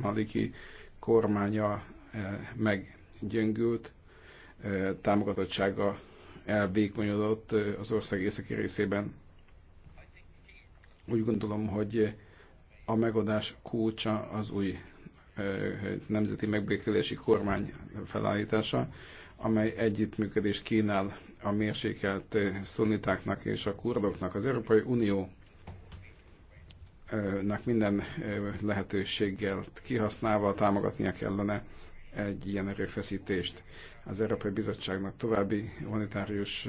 Maliki kormánya meggyöngült, támogatottsága elvékonyodott az ország északi részében. Úgy gondolom, hogy a megoldás kulcsa az új nemzeti megbékélési kormány felállítása, amely együttműködést kínál a mérsékelt szunitáknak és a kurdoknak. Az Európai Unió minden lehetőséggel kihasználva támogatnia kellene egy ilyen erőfeszítést. Az Európai Bizottságnak további humanitárius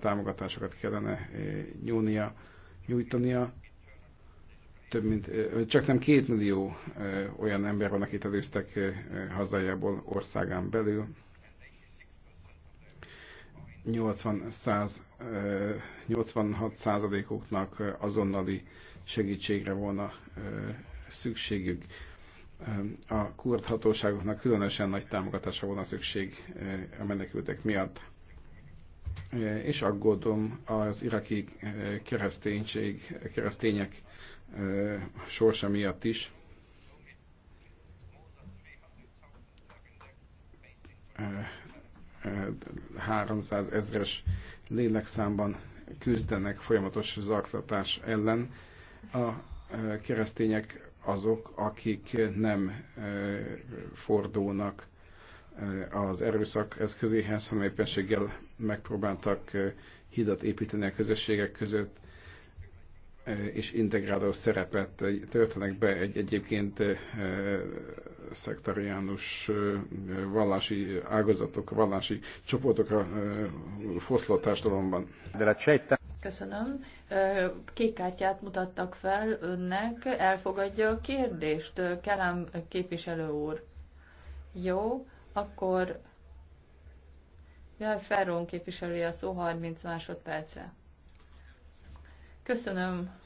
támogatásokat kellene nyúlnia, nyújtania. Több mint, csak nem két millió olyan ember van, akit előztek hazájából országán belül. 80-100, 86 százalékoknak azonnali segítségre volna szükségük a kurd hatóságoknak különösen nagy támogatásra volna szükség eh, a menekültek miatt. Eh, és aggódom az iraki eh, kereszténység, keresztények sorsa miatt is. ezres lélekszámban küzdenek folyamatos zaklatás ellen. A keresztények azok, akik nem fordulnak az erőszak eszközéhez, hanem éppenséggel megpróbáltak hidat építeni a közösségek között, és integráló szerepet töltenek be egy egyébként szektariánus vallási ágazatok, vallási csoportokra foszló társadalomban. De Köszönöm. Kék kártyát mutattak fel önnek. Elfogadja a kérdést, Kelem képviselő úr. Jó, akkor Jaj, Ferron képviselője a szó 30 másodperce. Köszönöm.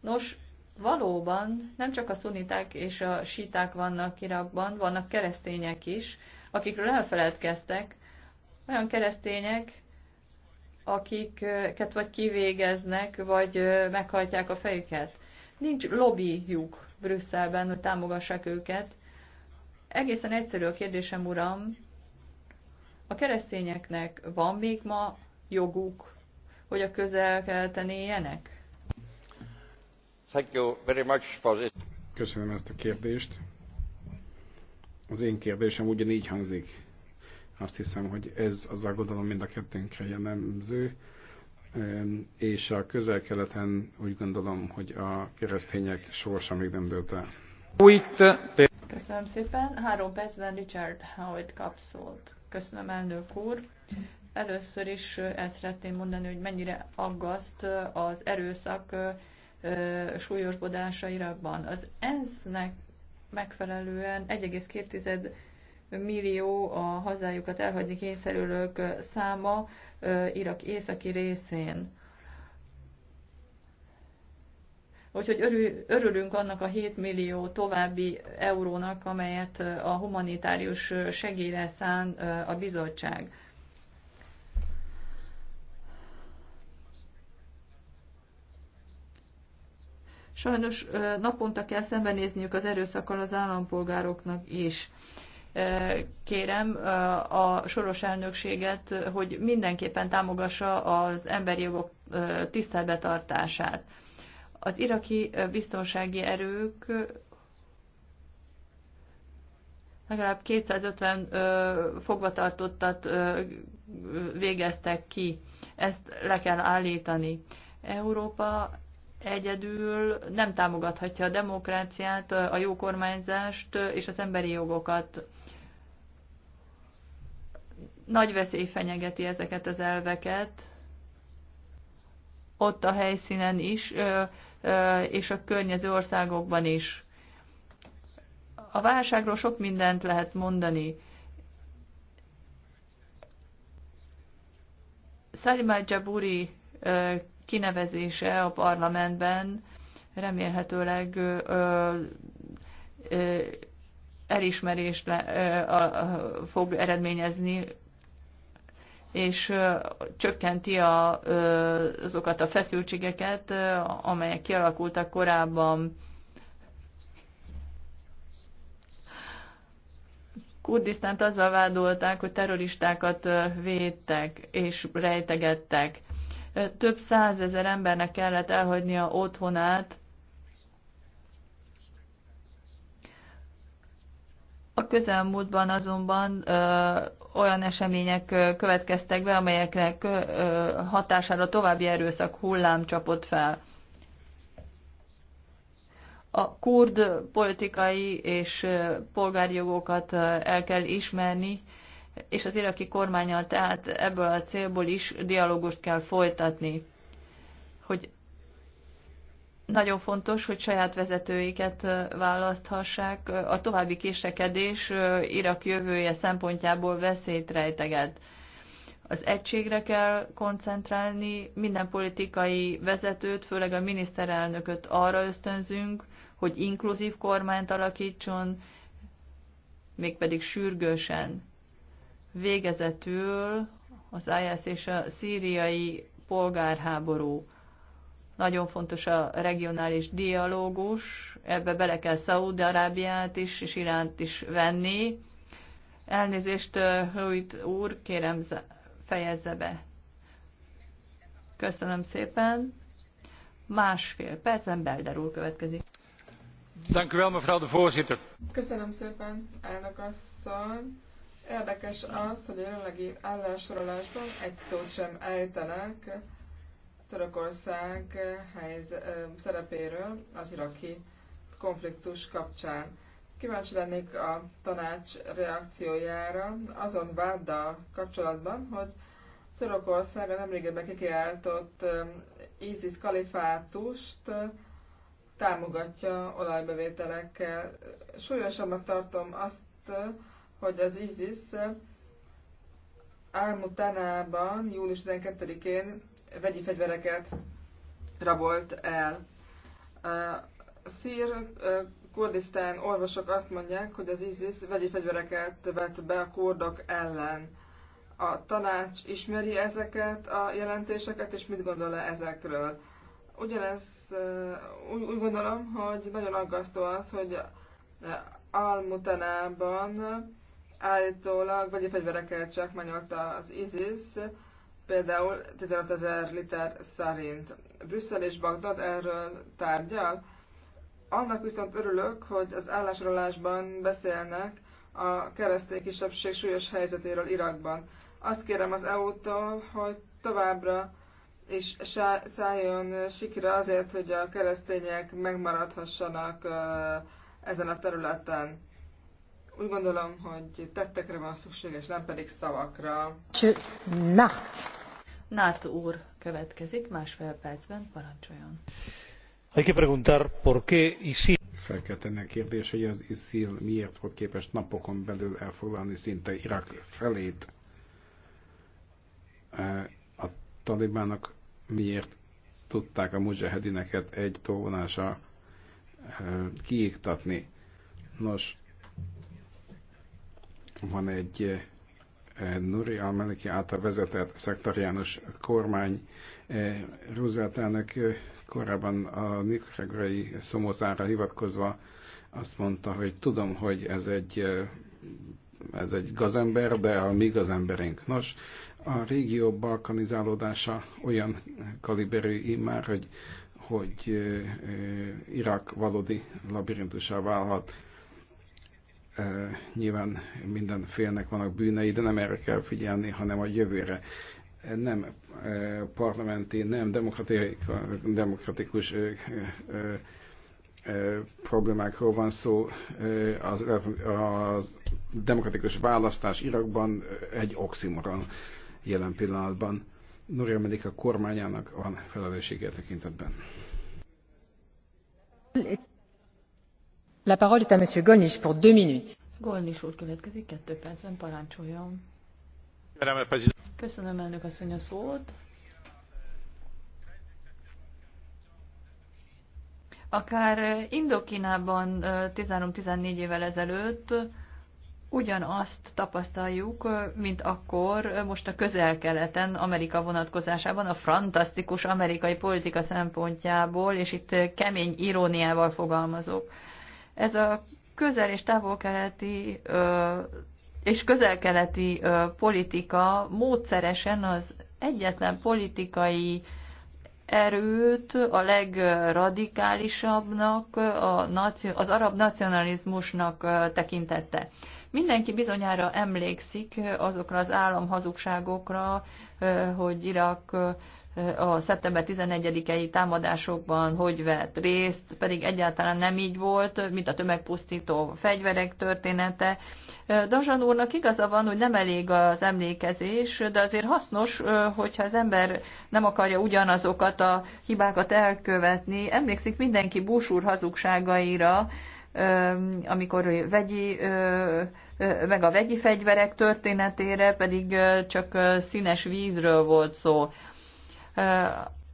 Nos, valóban nem csak a szuniták és a síták vannak Irakban, vannak keresztények is, akikről elfeledkeztek, olyan keresztények, akiket vagy kivégeznek, vagy meghajtják a fejüket. Nincs lobbyjuk Brüsszelben, hogy támogassák őket. Egészen egyszerű a kérdésem, uram. A keresztényeknek van még ma joguk, hogy a közel-keleten éljenek? Thank you very much for this. Köszönöm ezt a kérdést. Az én kérdésem ugyanígy hangzik azt hiszem, hogy ez az aggodalom mind a kettőnkre jellemző, és a közel-keleten úgy gondolom, hogy a keresztények sorsa még nem dőlt el. Köszönöm szépen. Három percben Richard Howard kap Köszönöm, elnök úr. Először is el szeretném mondani, hogy mennyire aggaszt az erőszak súlyosbodása Irakban. Az ENSZ-nek megfelelően 1,2 millió a hazájukat elhagyni kényszerülők száma Irak északi részén. Úgyhogy örülünk annak a 7 millió további eurónak, amelyet a humanitárius segélyre szán a bizottság. Sajnos naponta kell szembenézniük az erőszakkal az állampolgároknak is kérem a soros elnökséget, hogy mindenképpen támogassa az emberi jogok tiszteletbetartását. Az iraki biztonsági erők legalább 250 fogvatartottat végeztek ki. Ezt le kell állítani. Európa egyedül nem támogathatja a demokráciát, a jó kormányzást és az emberi jogokat. Nagy veszély fenyegeti ezeket az elveket, ott a helyszínen is, és a környező országokban is. A válságról sok mindent lehet mondani. Salima Jaburi kinevezése a parlamentben remélhetőleg ö, ö, elismerést le, ö, a, fog eredményezni és csökkenti a, azokat a feszültségeket, amelyek kialakultak korábban. Kurdisztánt azzal vádolták, hogy terroristákat védtek és rejtegettek. Több százezer embernek kellett elhagynia otthonát, A közelmúltban azonban olyan események következtek be, amelyeknek hatására további erőszak hullám csapott fel. A kurd politikai és polgári jogokat el kell ismerni, és az iraki kormányal tehát ebből a célból is dialógust kell folytatni, hogy nagyon fontos, hogy saját vezetőiket választhassák. A további késekedés Irak jövője szempontjából veszélyt rejteget. Az egységre kell koncentrálni, minden politikai vezetőt, főleg a miniszterelnököt arra ösztönzünk, hogy inkluzív kormányt alakítson, mégpedig sürgősen. Végezetül az IS és a szíriai polgárháború nagyon fontos a regionális dialógus, ebbe bele kell Szaúd-Arábiát is, és Iránt is venni. Elnézést, Hőit úr, kérem fejezze be. Köszönöm szépen. Másfél percen Belder úr következik. Köszönöm szépen, elnök asszony. Érdekes az, hogy a jelenlegi állásorolásban egy szót sem ejtenek Törökország eh, helyz- eh, szerepéről az iraki konfliktus kapcsán. Kíváncsi lennék a tanács reakciójára azon váddal kapcsolatban, hogy Törökország a nemrégebben kikiáltott eh, ISIS kalifátust támogatja olajbevételekkel. Súlyosabbnak tartom azt, hogy az ISIS Álmutánában július 12-én vegyi fegyvereket rabolt el. Szír Kurdisztán orvosok azt mondják, hogy az ISIS vegyi fegyvereket vett be a kurdok ellen. A tanács ismeri ezeket a jelentéseket, és mit gondol -e ezekről? Ugyanez, úgy, úgy gondolom, hogy nagyon aggasztó az, hogy Almutanában állítólag vegyi fegyvereket csak az ISIS, például 15 ezer liter szerint. Brüsszel és Bagdad erről tárgyal. Annak viszont örülök, hogy az állásrólásban beszélnek a keresztény kisebbség súlyos helyzetéről Irakban. Azt kérem az EU-tól, hogy továbbra és szálljon sikre azért, hogy a keresztények megmaradhassanak ezen a területen. Úgy gondolom, hogy tettekre van szükséges, nem pedig szavakra. Nacht. Nát úr következik, másfél percben parancsoljon. Hay que preguntar por qué ISIL... Fel kell tenni a kérdés, hogy az ISIL miért volt képes napokon belül elfoglalni szinte Irak felét. E, a talibának miért tudták a mujahedineket egy tóvonása e, kiiktatni. Nos, van egy Nuri al által vezetett szektoriánus kormány eh, Roosevelt elnök eh, korábban a Nikregrai szomozára hivatkozva azt mondta, hogy tudom, hogy ez egy, eh, ez egy gazember, de a mi gazemberünk. Nos, a régió balkanizálódása olyan kaliberű immár, hogy, hogy Irak valódi labirintusá válhat. Nyilván minden félnek vannak bűnei, de nem erre kell figyelni, hanem a jövőre. Nem parlamenti, nem demokratikus problémákról van szó. Az, az demokratikus választás Irakban egy oximoron jelen pillanatban. Nuria a kormányának van felelőssége tekintetben. La parole est à Monsieur Golnisch pour deux minutes. Golnisch úr következik, kettő percben parancsoljon. Köszönöm elnök asszony a szót. Akár eh, indokinában 13-14 eh, évvel ezelőtt ugyanazt tapasztaljuk, eh, mint akkor most a közel-keleten, Amerika vonatkozásában, a fantasztikus amerikai politika szempontjából, és itt kemény iróniával fogalmazok. Ez a közel- és távol-keleti és közel-keleti politika módszeresen az egyetlen politikai erőt a legradikálisabbnak, a, az arab nacionalizmusnak tekintette. Mindenki bizonyára emlékszik azokra az államhazugságokra, hogy Irak a szeptember 11-i támadásokban hogy vett részt, pedig egyáltalán nem így volt, mint a tömegpusztító fegyverek története. Dazsan úrnak igaza van, hogy nem elég az emlékezés, de azért hasznos, hogyha az ember nem akarja ugyanazokat a hibákat elkövetni. Emlékszik mindenki Bush úr hazugságaira, amikor vegyi, meg a vegyi fegyverek történetére pedig csak színes vízről volt szó.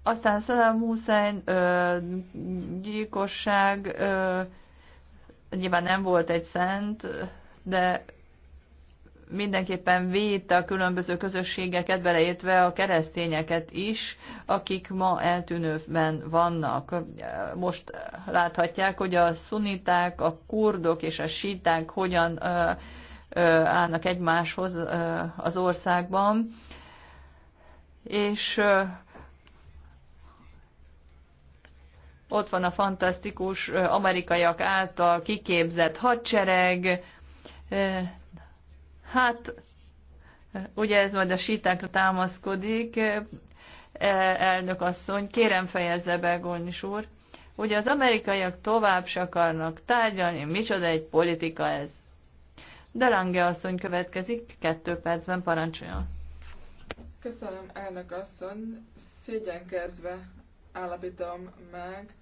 Aztán Saddam Hussein gyilkosság nyilván nem volt egy szent, de mindenképpen védte a különböző közösségeket, beleértve a keresztényeket is, akik ma eltűnőben vannak. Most láthatják, hogy a szuniták, a kurdok és a síták hogyan állnak egymáshoz az országban, és ott van a fantasztikus amerikaiak által kiképzett hadsereg. Hát, ugye ez majd a sítákra támaszkodik, e, elnök asszony, kérem fejezze be, Gonyis úr. Ugye az amerikaiak tovább se akarnak tárgyalni, micsoda egy politika ez. De Lange asszony következik, kettő percben parancsoljon. Köszönöm, elnök asszony. Szégyenkezve állapítom meg,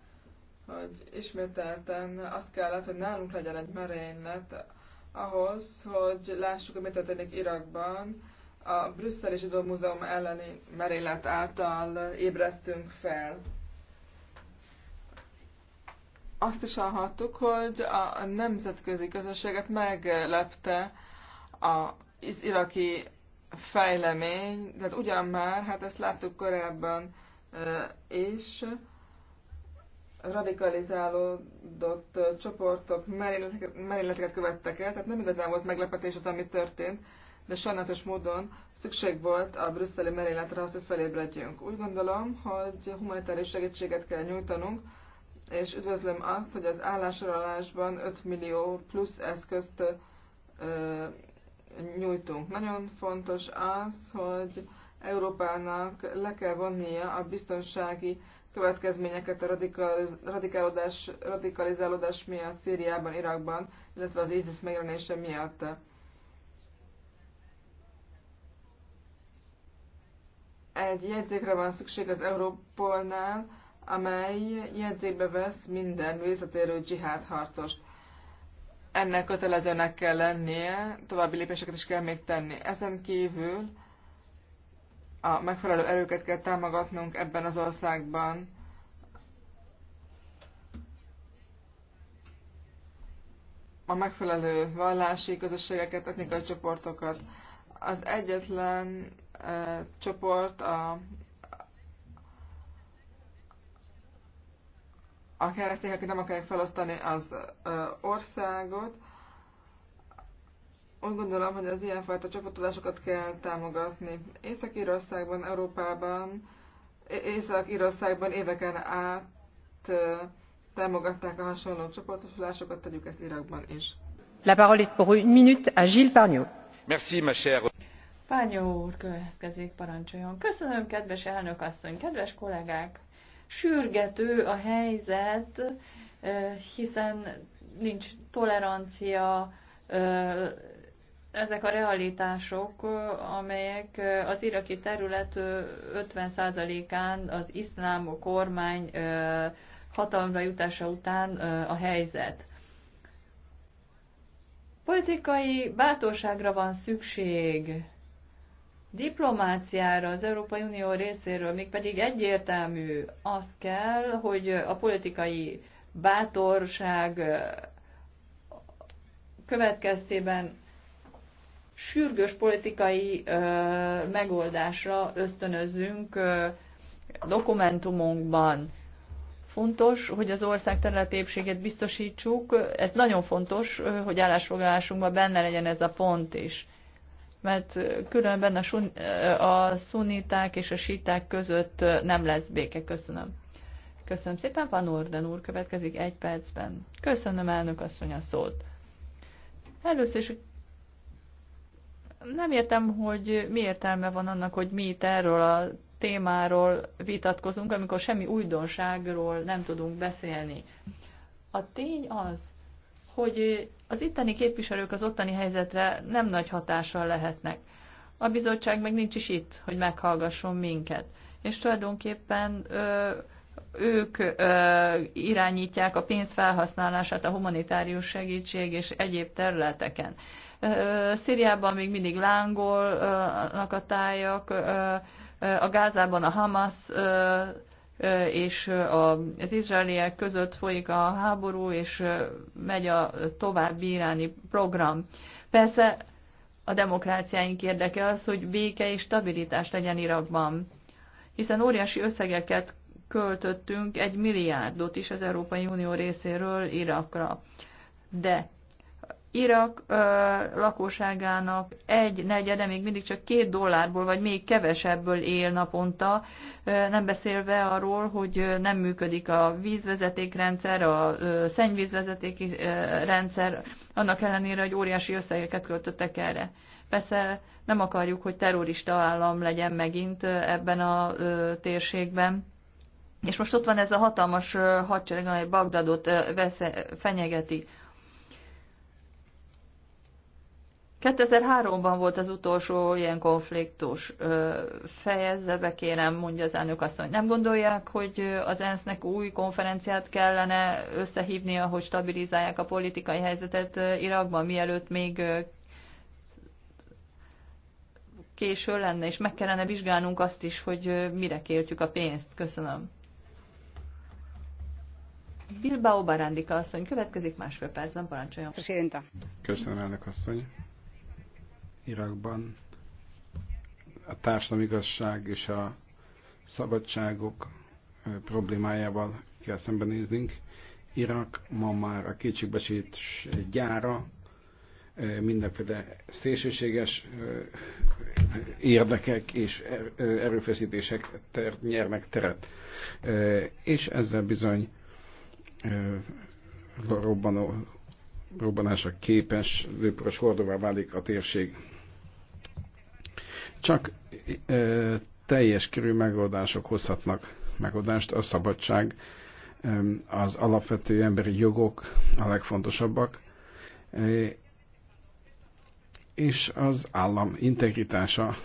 hogy ismételten azt kellett, hogy nálunk legyen egy merénylet ahhoz, hogy lássuk, hogy mi történik Irakban. A Brüsszeli Zsidó Múzeum elleni merénylet által ébredtünk fel. Azt is hallhattuk, hogy a nemzetközi közösséget meglepte az iraki fejlemény, tehát ugyan már, hát ezt láttuk korábban és radikalizálódott csoportok merényleteket, merényleteket követtek el, tehát nem igazán volt meglepetés az, ami történt, de sajnálatos módon szükség volt a brüsszeli merényletre, az, hogy felébredjünk. Úgy gondolom, hogy humanitárius segítséget kell nyújtanunk, és üdvözlöm azt, hogy az állásorolásban 5 millió plusz eszközt ö, nyújtunk. Nagyon fontos az, hogy Európának le kell vonnia a biztonsági következményeket a radikálodás, radikalizálódás miatt Szíriában, Irakban, illetve az ISIS megjelenése miatt. Egy jegyzékre van szükség az Európolnál, amely jegyzékbe vesz minden visszatérő dzsihád harcost. Ennek kötelezőnek kell lennie, további lépéseket is kell még tenni. Ezen kívül a megfelelő erőket kell támogatnunk ebben az országban. A megfelelő vallási közösségeket, etnikai csoportokat. Az egyetlen e, csoport a, a keresztények, akik nem akarják felosztani az e, országot, úgy gondolom, hogy az ilyenfajta csapatolásokat kell támogatni. Észak-Írországban, Európában, Észak-Írországban éveken át támogatták a hasonló csoportosulásokat, tegyük ezt Irakban is. La parole est pour une minute à Gilles Parnot. Merci, ma chère. Párnyó úr következik, parancsoljon. Köszönöm, kedves elnök asszony, kedves kollégák! Sürgető a helyzet, hiszen nincs tolerancia, ezek a realitások, amelyek az iraki terület 50%-án az iszlám kormány hatalomra jutása után a helyzet. Politikai bátorságra van szükség, diplomáciára az Európai Unió részéről, mégpedig egyértelmű az kell, hogy a politikai bátorság következtében sürgős politikai ö, megoldásra ösztönözzünk ö, dokumentumunkban. Fontos, hogy az ország területépséget biztosítsuk. Ez nagyon fontos, hogy állásfoglalásunkban benne legyen ez a pont is. Mert különben a, sun, a szuniták és a síták között nem lesz béke. Köszönöm. Köszönöm szépen, Van Orden úr következik egy percben. Köszönöm elnök asszony a szót. Először is nem értem, hogy mi értelme van annak, hogy mi itt erről a témáról vitatkozunk, amikor semmi újdonságról nem tudunk beszélni. A tény az, hogy az itteni képviselők az ottani helyzetre nem nagy hatással lehetnek. A bizottság meg nincs is itt, hogy meghallgasson minket. És tulajdonképpen ö, ők ö, irányítják a pénz felhasználását a humanitárius segítség és egyéb területeken. Szíriában még mindig lángolnak a tájak, a Gázában a Hamas és az izraeliek között folyik a háború, és megy a további iráni program. Persze a demokráciáink érdeke az, hogy béke és stabilitás legyen Irakban, hiszen óriási összegeket költöttünk, egy milliárdot is az Európai Unió részéről Irakra. De Irak ö, lakóságának egy negyede még mindig csak két dollárból, vagy még kevesebből él naponta, ö, nem beszélve arról, hogy nem működik a vízvezetékrendszer, a ö, szennyvízvezetéki ö, rendszer, annak ellenére, hogy óriási összegeket költöttek erre. Persze nem akarjuk, hogy terrorista állam legyen megint ebben a ö, térségben. És most ott van ez a hatalmas hadsereg, amely Bagdadot vesz fenyegeti. 2003-ban volt az utolsó ilyen konfliktus. Fejezze be, kérem, mondja az elnök azt, hogy nem gondolják, hogy az ENSZ-nek új konferenciát kellene összehívnia, hogy stabilizálják a politikai helyzetet Irakban, mielőtt még késő lenne, és meg kellene vizsgálnunk azt is, hogy mire kértjük a pénzt. Köszönöm. Bilbao Barándika asszony következik másfél percben, parancsoljon. Köszönöm, elnök asszony. Irakban a társadalmi igazság és a szabadságok problémájával kell szembenéznünk. Irak ma már a kétségbesít gyára, mindenféle szélsőséges érdekek és er-, erőfeszítések ter, nyernek teret. És ezzel bizony robbanó, robbanásra képes lőporos hordóvá válik a térség. Csak ö, teljes körű megoldások hozhatnak megoldást. A szabadság, az alapvető emberi jogok a legfontosabbak, és az állam integritása,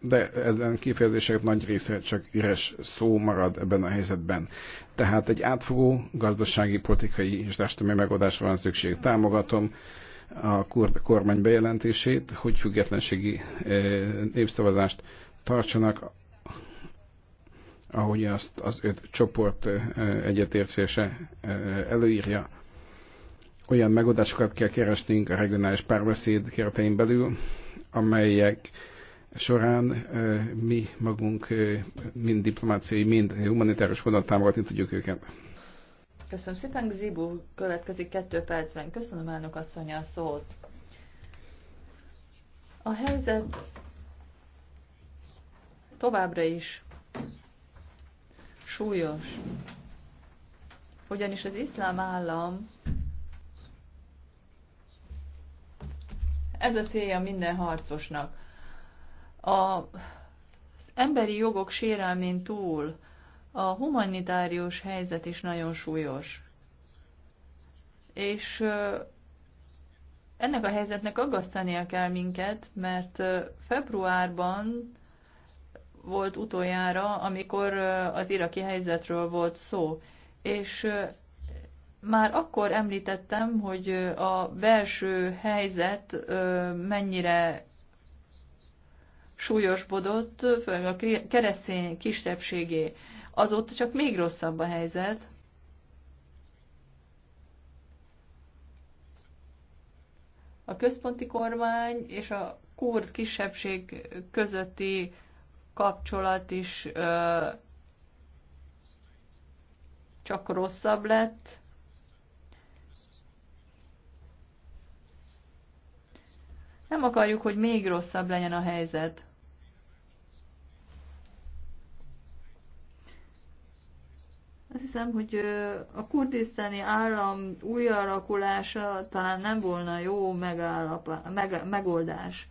de ezen kifejezések nagy része csak üres szó marad ebben a helyzetben. Tehát egy átfogó gazdasági, politikai és társadalmi megoldásra van szükség. Támogatom a kormány bejelentését, hogy függetlenségi eh, népszavazást tartsanak, ahogy azt az öt csoport eh, egyetértése eh, előírja. Olyan megoldásokat kell keresnünk a regionális párbeszéd keretein belül, amelyek során mi magunk mind diplomáciai, mind humanitárius vonat támogatni tudjuk őket. Köszönöm szépen, Zibu következik kettő percben. Köszönöm elnök asszony a szót. A helyzet továbbra is súlyos, ugyanis az iszlám állam ez a célja minden harcosnak. A, az emberi jogok sérelmén túl a humanitárius helyzet is nagyon súlyos. És ennek a helyzetnek aggasztania kell minket, mert februárban volt utoljára, amikor az iraki helyzetről volt szó. És már akkor említettem, hogy a belső helyzet mennyire súlyosbodott, főleg a keresztény kisebbségé azóta csak még rosszabb a helyzet. A központi kormány és a kurd kisebbség közötti kapcsolat is ö, csak rosszabb lett. Nem akarjuk, hogy még rosszabb legyen a helyzet. Azt hiszem, hogy a kurdisztáni állam újjalakulása talán nem volna jó megállapa, meg, megoldás.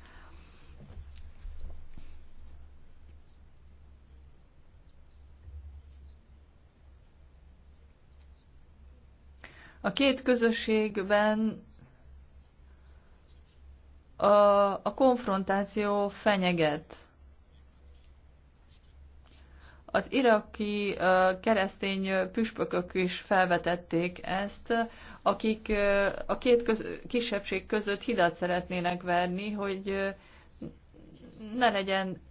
A két közösségben a, a konfrontáció fenyeget. Az iraki keresztény püspökök is felvetették ezt, akik a két köz, kisebbség között hidat szeretnének verni, hogy ne legyen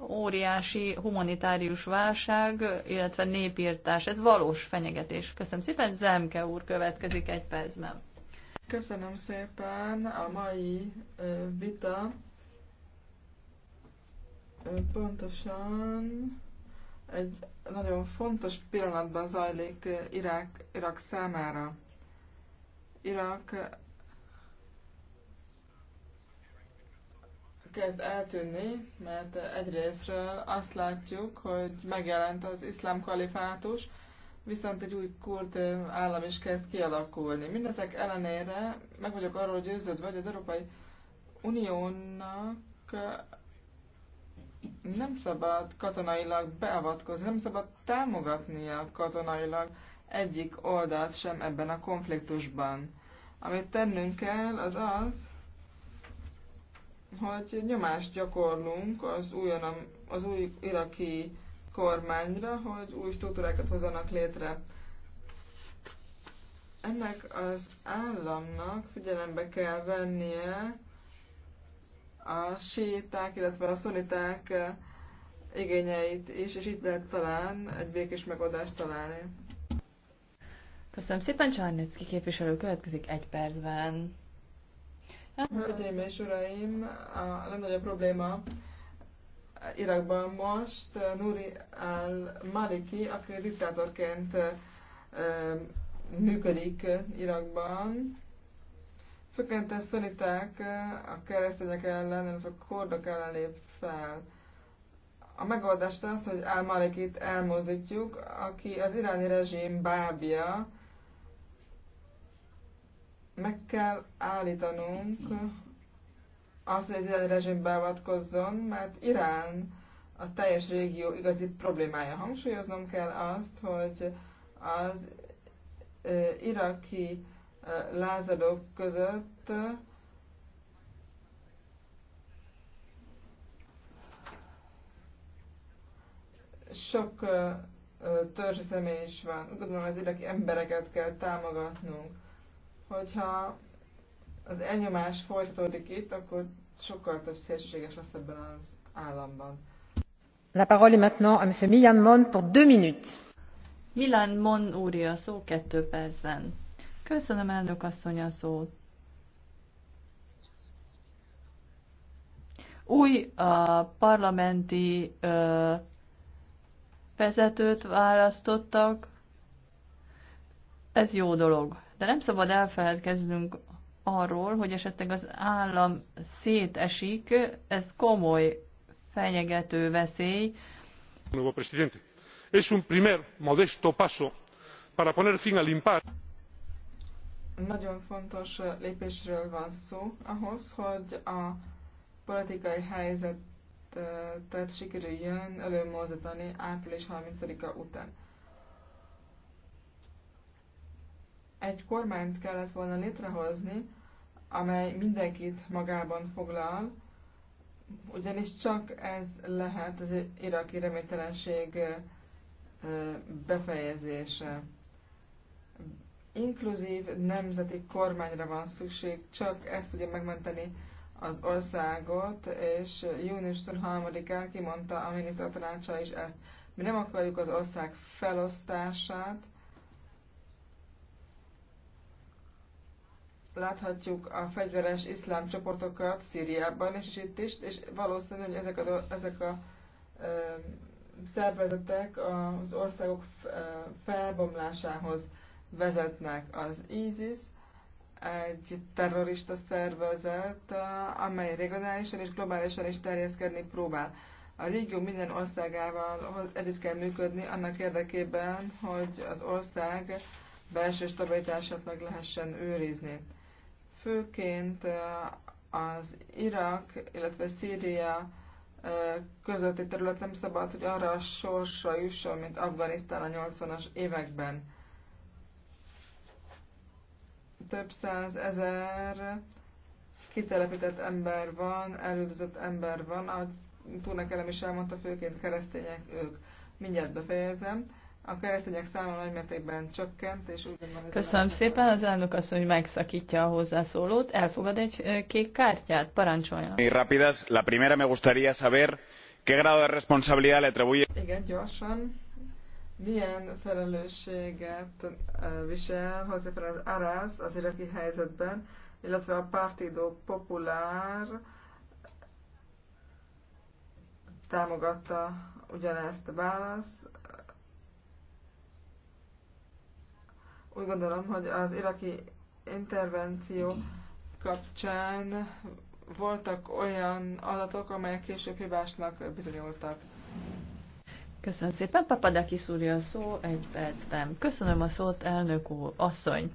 óriási humanitárius válság, illetve népírtás. Ez valós fenyegetés. Köszönöm szépen. Zemke úr következik egy percben. Köszönöm szépen a mai vita. Pontosan egy nagyon fontos pillanatban zajlik eh, Irak, Irak számára. Irak eh, kezd eltűnni, mert eh, egyrésztről azt látjuk, hogy megjelent az iszlám kalifátus, viszont egy új kurd állam is kezd kialakulni. Mindezek ellenére meg vagyok arról győződve, hogy az Európai Uniónak nem szabad katonailag beavatkozni, nem szabad támogatnia katonailag egyik oldalt sem ebben a konfliktusban. Amit tennünk kell, az az, hogy nyomást gyakorlunk az, új, az új iraki kormányra, hogy új struktúrákat hozzanak létre. Ennek az államnak figyelembe kell vennie a séták, illetve a szuniták eh, igényeit is, és itt lehet talán egy békés megoldást találni. Köszönöm szépen, Csarnicki képviselő következik egy percben. Hölgyeim és uraim, a legnagyobb probléma Irakban most eh, Nuri al-Maliki, aki diktátorként eh, működik Irakban, főként a szuniták a keresztények ellen, illetve a kordok ellen lép fel. A megoldás az, hogy Al-Malikit elmozdítjuk, aki az iráni rezsim bábja. Meg kell állítanunk azt, hogy az iráni rezsim beavatkozzon, mert Irán a teljes régió igazi problémája. Hangsúlyoznom kell azt, hogy az iraki lázadók között sok törzsi személy is van. Gondolom, az iraki embereket kell támogatnunk. Hogyha az elnyomás folytatódik itt, akkor sokkal több szélsőséges lesz ebben az államban. La parole est maintenant à M. Milan Mon pour deux minutes. Milan Mon úr, a szó kettő percben. Köszönöm, elnök asszony, a szót. Új a parlamenti ö, vezetőt választottak, ez jó dolog. De nem szabad elfeledkeznünk arról, hogy esetleg az állam szétesik, ez komoly fenyegető veszély. Nuevo presidente, es un primer modesto paso para poner fin al impasse. Nagyon fontos lépésről van szó ahhoz, hogy a politikai helyzetet sikerüljön előmozdítani április 30-a után. Egy kormányt kellett volna létrehozni, amely mindenkit magában foglal, ugyanis csak ez lehet az iraki reménytelenség befejezése inkluzív nemzeti kormányra van szükség, csak ezt tudja megmenteni az országot, és június 23-án kimondta a tanácsa is ezt. Mi nem akarjuk az ország felosztását, láthatjuk a fegyveres iszlám csoportokat Szíriában és, és itt is, és valószínű, hogy ezek, az, ezek a ö, szervezetek az országok felbomlásához vezetnek. Az ISIS egy terrorista szervezet, amely regionálisan és globálisan is terjeszkedni próbál. A régió minden országával együtt kell működni annak érdekében, hogy az ország belső stabilitását meg lehessen őrizni. Főként eh, az Irak, illetve Szíria eh, közötti terület nem szabad, hogy arra a sorsra jusson, mint Afganisztán a 80-as években több száz ezer kitelepített ember van, elüldözött ember van, ahogy Túrnek elem is elmondta, főként keresztények ők. Mindjárt befejezem. A keresztények száma nagymértékben csökkent, és úgy gondolom... Köszönöm szépen, az elnök azt mondja, hogy megszakítja a hozzászólót. Elfogad egy kék kártyát, parancsoljon. Y rapidas, la primera me gustaría saber qué grado de responsabilidad le atribuye... Igen, gyorsan milyen felelősséget visel José Fernández Arás az iraki helyzetben, illetve a Partido Popular támogatta ugyanezt a válasz. Úgy gondolom, hogy az iraki intervenció kapcsán voltak olyan adatok, amelyek később hibásnak bizonyultak. Köszönöm szépen. Papadaki kiszúrja a szó egy percben. Köszönöm a szót, elnök úr, asszony.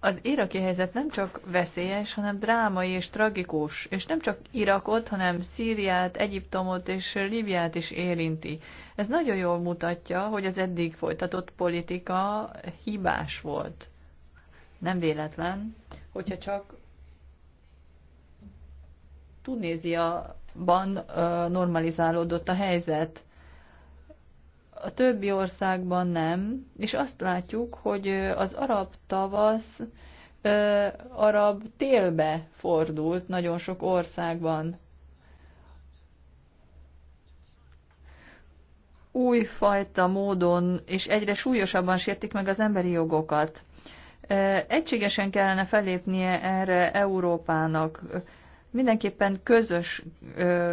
Az iraki helyzet nem csak veszélyes, hanem drámai és tragikus, és nem csak Irakot, hanem Szíriát, Egyiptomot és Líbiát is érinti. Ez nagyon jól mutatja, hogy az eddig folytatott politika hibás volt. Nem véletlen, hogyha csak Tunéziaban normalizálódott a helyzet. A többi országban nem, és azt látjuk, hogy az arab tavasz arab télbe fordult nagyon sok országban. Újfajta módon és egyre súlyosabban sértik meg az emberi jogokat. Egységesen kellene felépnie erre Európának. Mindenképpen közös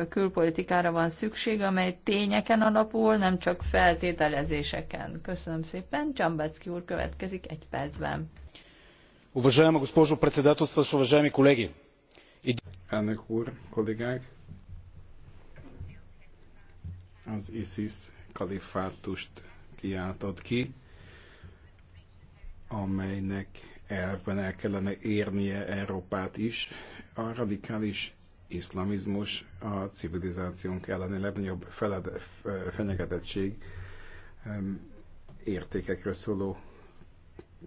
külpolitikára van szükség, amely tényeken alapul, nem csak feltételezéseken. Köszönöm szépen. Csambacki úr következik egy percben. Уважаема госпожо председателстващ, уважаеми колеги. Elnök úr, kollégák, az ISIS kalifátust kiáltott ki, amelynek elvben el kellene érnie Európát is, a radikális iszlamizmus a civilizációnk elleni legnagyobb feled, fenyegetettség értékekről szóló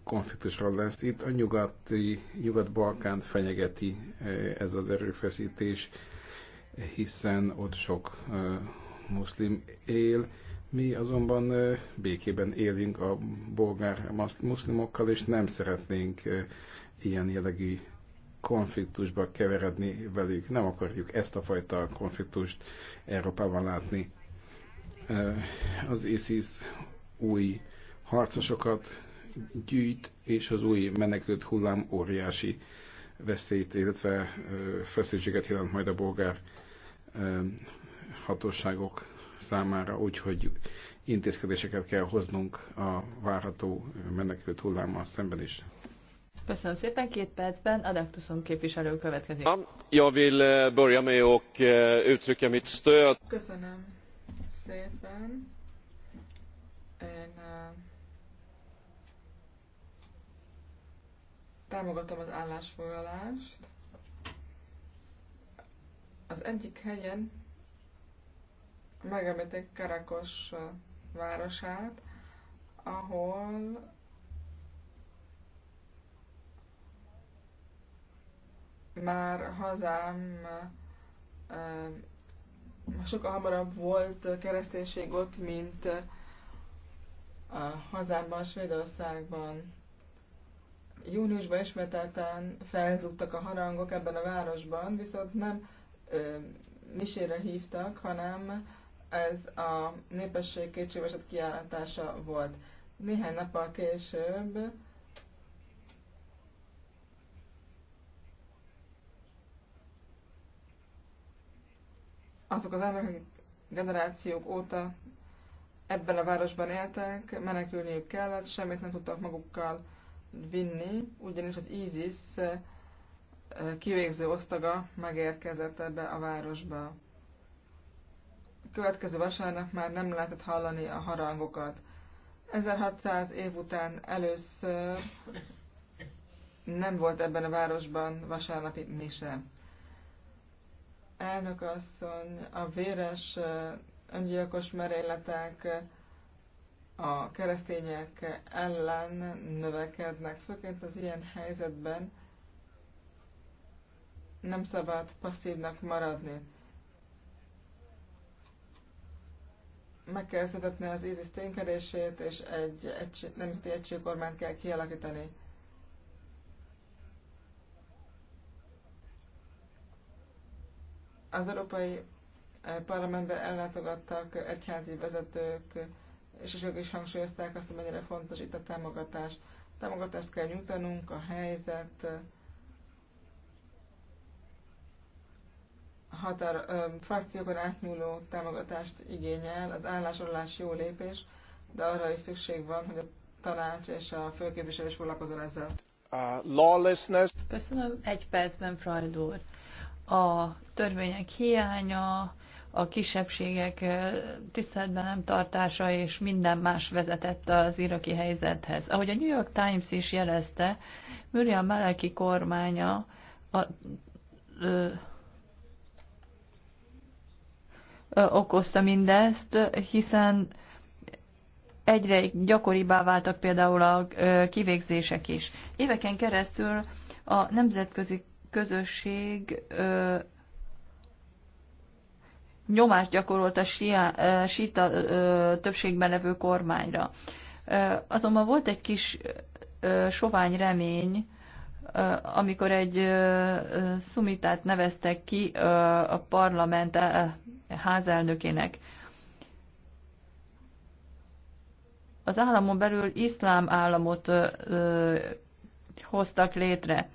konfliktusról lesz. Itt a nyugati, nyugat-balkánt fenyegeti e, ez az erőfeszítés, hiszen ott sok e, muszlim él. Mi azonban e, békében élünk a bolgár muszlimokkal, és nem szeretnénk ilyen jellegű konfliktusba keveredni velük. Nem akarjuk ezt a fajta konfliktust Európában látni. Az ISIS új harcosokat gyűjt, és az új menekült hullám óriási veszélyt, illetve feszültséget jelent majd a bolgár hatóságok számára, úgyhogy intézkedéseket kell hoznunk a várható menekült hullámmal szemben is. Köszönöm szépen, két percben Adaktuszon képviselő következik. Jag vill eh, börja med och eh, uttrycka mitt stöd. Köszönöm szépen. Én eh, támogatom az állásfoglalást. Az egyik hegyen megemlítik Karakos városát, ahol már hazám sokkal hamarabb volt kereszténység ott, mint a hazámban, Svédországban. Júniusban ismételten felzúgtak a harangok ebben a városban, viszont nem ö, misére hívtak, hanem ez a népesség kétségbeesett kiállítása volt. Néhány nappal később azok az emberek, akik generációk óta ebben a városban éltek, menekülniük kellett, semmit nem tudtak magukkal vinni, ugyanis az ISIS kivégző osztaga megérkezett ebbe a városba. A következő vasárnap már nem lehetett hallani a harangokat. 1600 év után először nem volt ebben a városban vasárnapi mise elnök asszony, a véres öngyilkos merényletek a keresztények ellen növekednek, főként az ilyen helyzetben nem szabad passzívnak maradni. Meg kell szüntetni az ISIS ténykedését, és egy egy nemzeti egységkormányt kell kialakítani. Az Európai eh, Parlamentben ellátogattak egyházi vezetők, és ők is hangsúlyozták azt, hogy mennyire fontos itt a támogatás. Támogatást kell nyújtanunk, a helyzet, határ, ö, frakciókon átnyúló támogatást igényel, az állásolás jó lépés, de arra is szükség van, hogy a tanács és a főképviselő is foglalkozol ezzel. Uh, lawlessness. Köszönöm, egy percben, Freud úr a törvények hiánya, a kisebbségek tiszteletben nem tartása és minden más vezetett az iraki helyzethez. Ahogy a New York Times is jelezte, Miriam Meleki kormánya a, ö, ö, okozta mindezt, hiszen egyre gyakoribbá váltak például a ö, kivégzések is. Éveken keresztül a nemzetközi közösség ö, nyomást gyakorolt a ö, síta ö, többségben levő kormányra. Ö, azonban volt egy kis ö, sovány remény, ö, amikor egy ö, szumitát neveztek ki ö, a parlament ö, házelnökének. Az államon belül iszlám államot ö, ö, hoztak létre.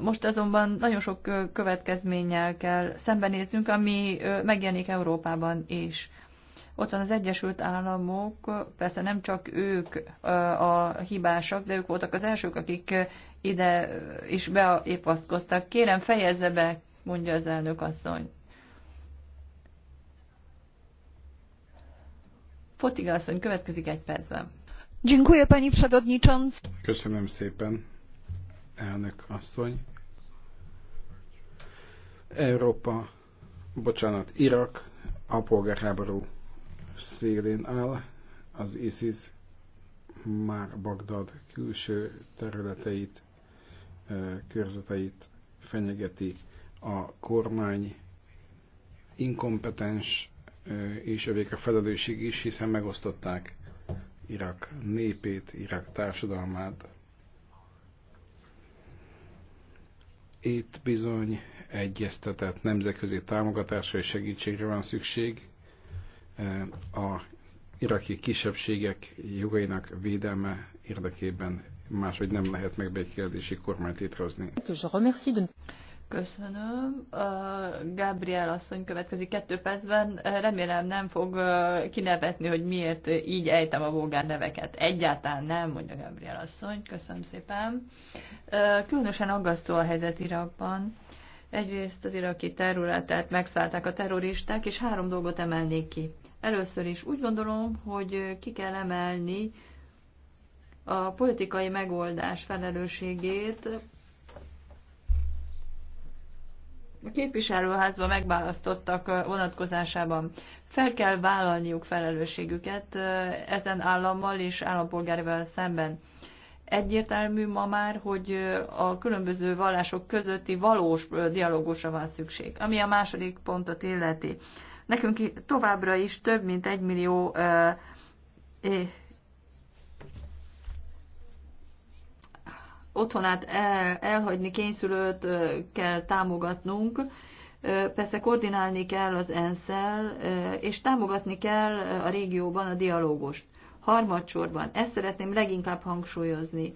Most azonban nagyon sok következménnyel kell szembenéznünk, ami megjelenik Európában is. Ott van az Egyesült Államok, persze nem csak ők a hibásak, de ők voltak az elsők, akik ide is beépasztkoztak. Kérem, fejezze be, mondja az elnök asszony. Fotiga asszony, következik egy percben. Dziękuję pani przewodniczący. Köszönöm szépen, elnök asszony. Európa, bocsánat, Irak a polgárháború szélén áll, az ISIS már Bagdad külső területeit, körzeteit fenyegeti a kormány inkompetens és övék a felelősség is, hiszen megosztották Irak népét, Irak társadalmát, Itt bizony egyeztetett nemzetközi támogatásra és segítségre van szükség eh, a iraki kisebbségek jogainak védelme érdekében máshogy nem lehet megbékélési kormányt létrehozni. Köszönöm. Gabriel asszony következik kettő percben. Remélem nem fog kinevetni, hogy miért így ejtem a vulgár neveket. Egyáltalán nem, mondja Gabriel asszony. Köszönöm szépen. Különösen aggasztó a helyzet Irakban. Egyrészt az iraki területet megszállták a terroristák, és három dolgot emelnék ki. Először is úgy gondolom, hogy ki kell emelni a politikai megoldás felelősségét a képviselőházba megválasztottak vonatkozásában. Fel kell vállalniuk felelősségüket ezen állammal és állampolgárival szemben. Egyértelmű ma már, hogy a különböző vallások közötti valós dialógusra van szükség. Ami a második pontot illeti. Nekünk továbbra is több mint egy millió otthonát elhagyni kényszülőt kell támogatnunk, persze koordinálni kell az ensz és támogatni kell a régióban a dialógust. Harmadsorban, ezt szeretném leginkább hangsúlyozni,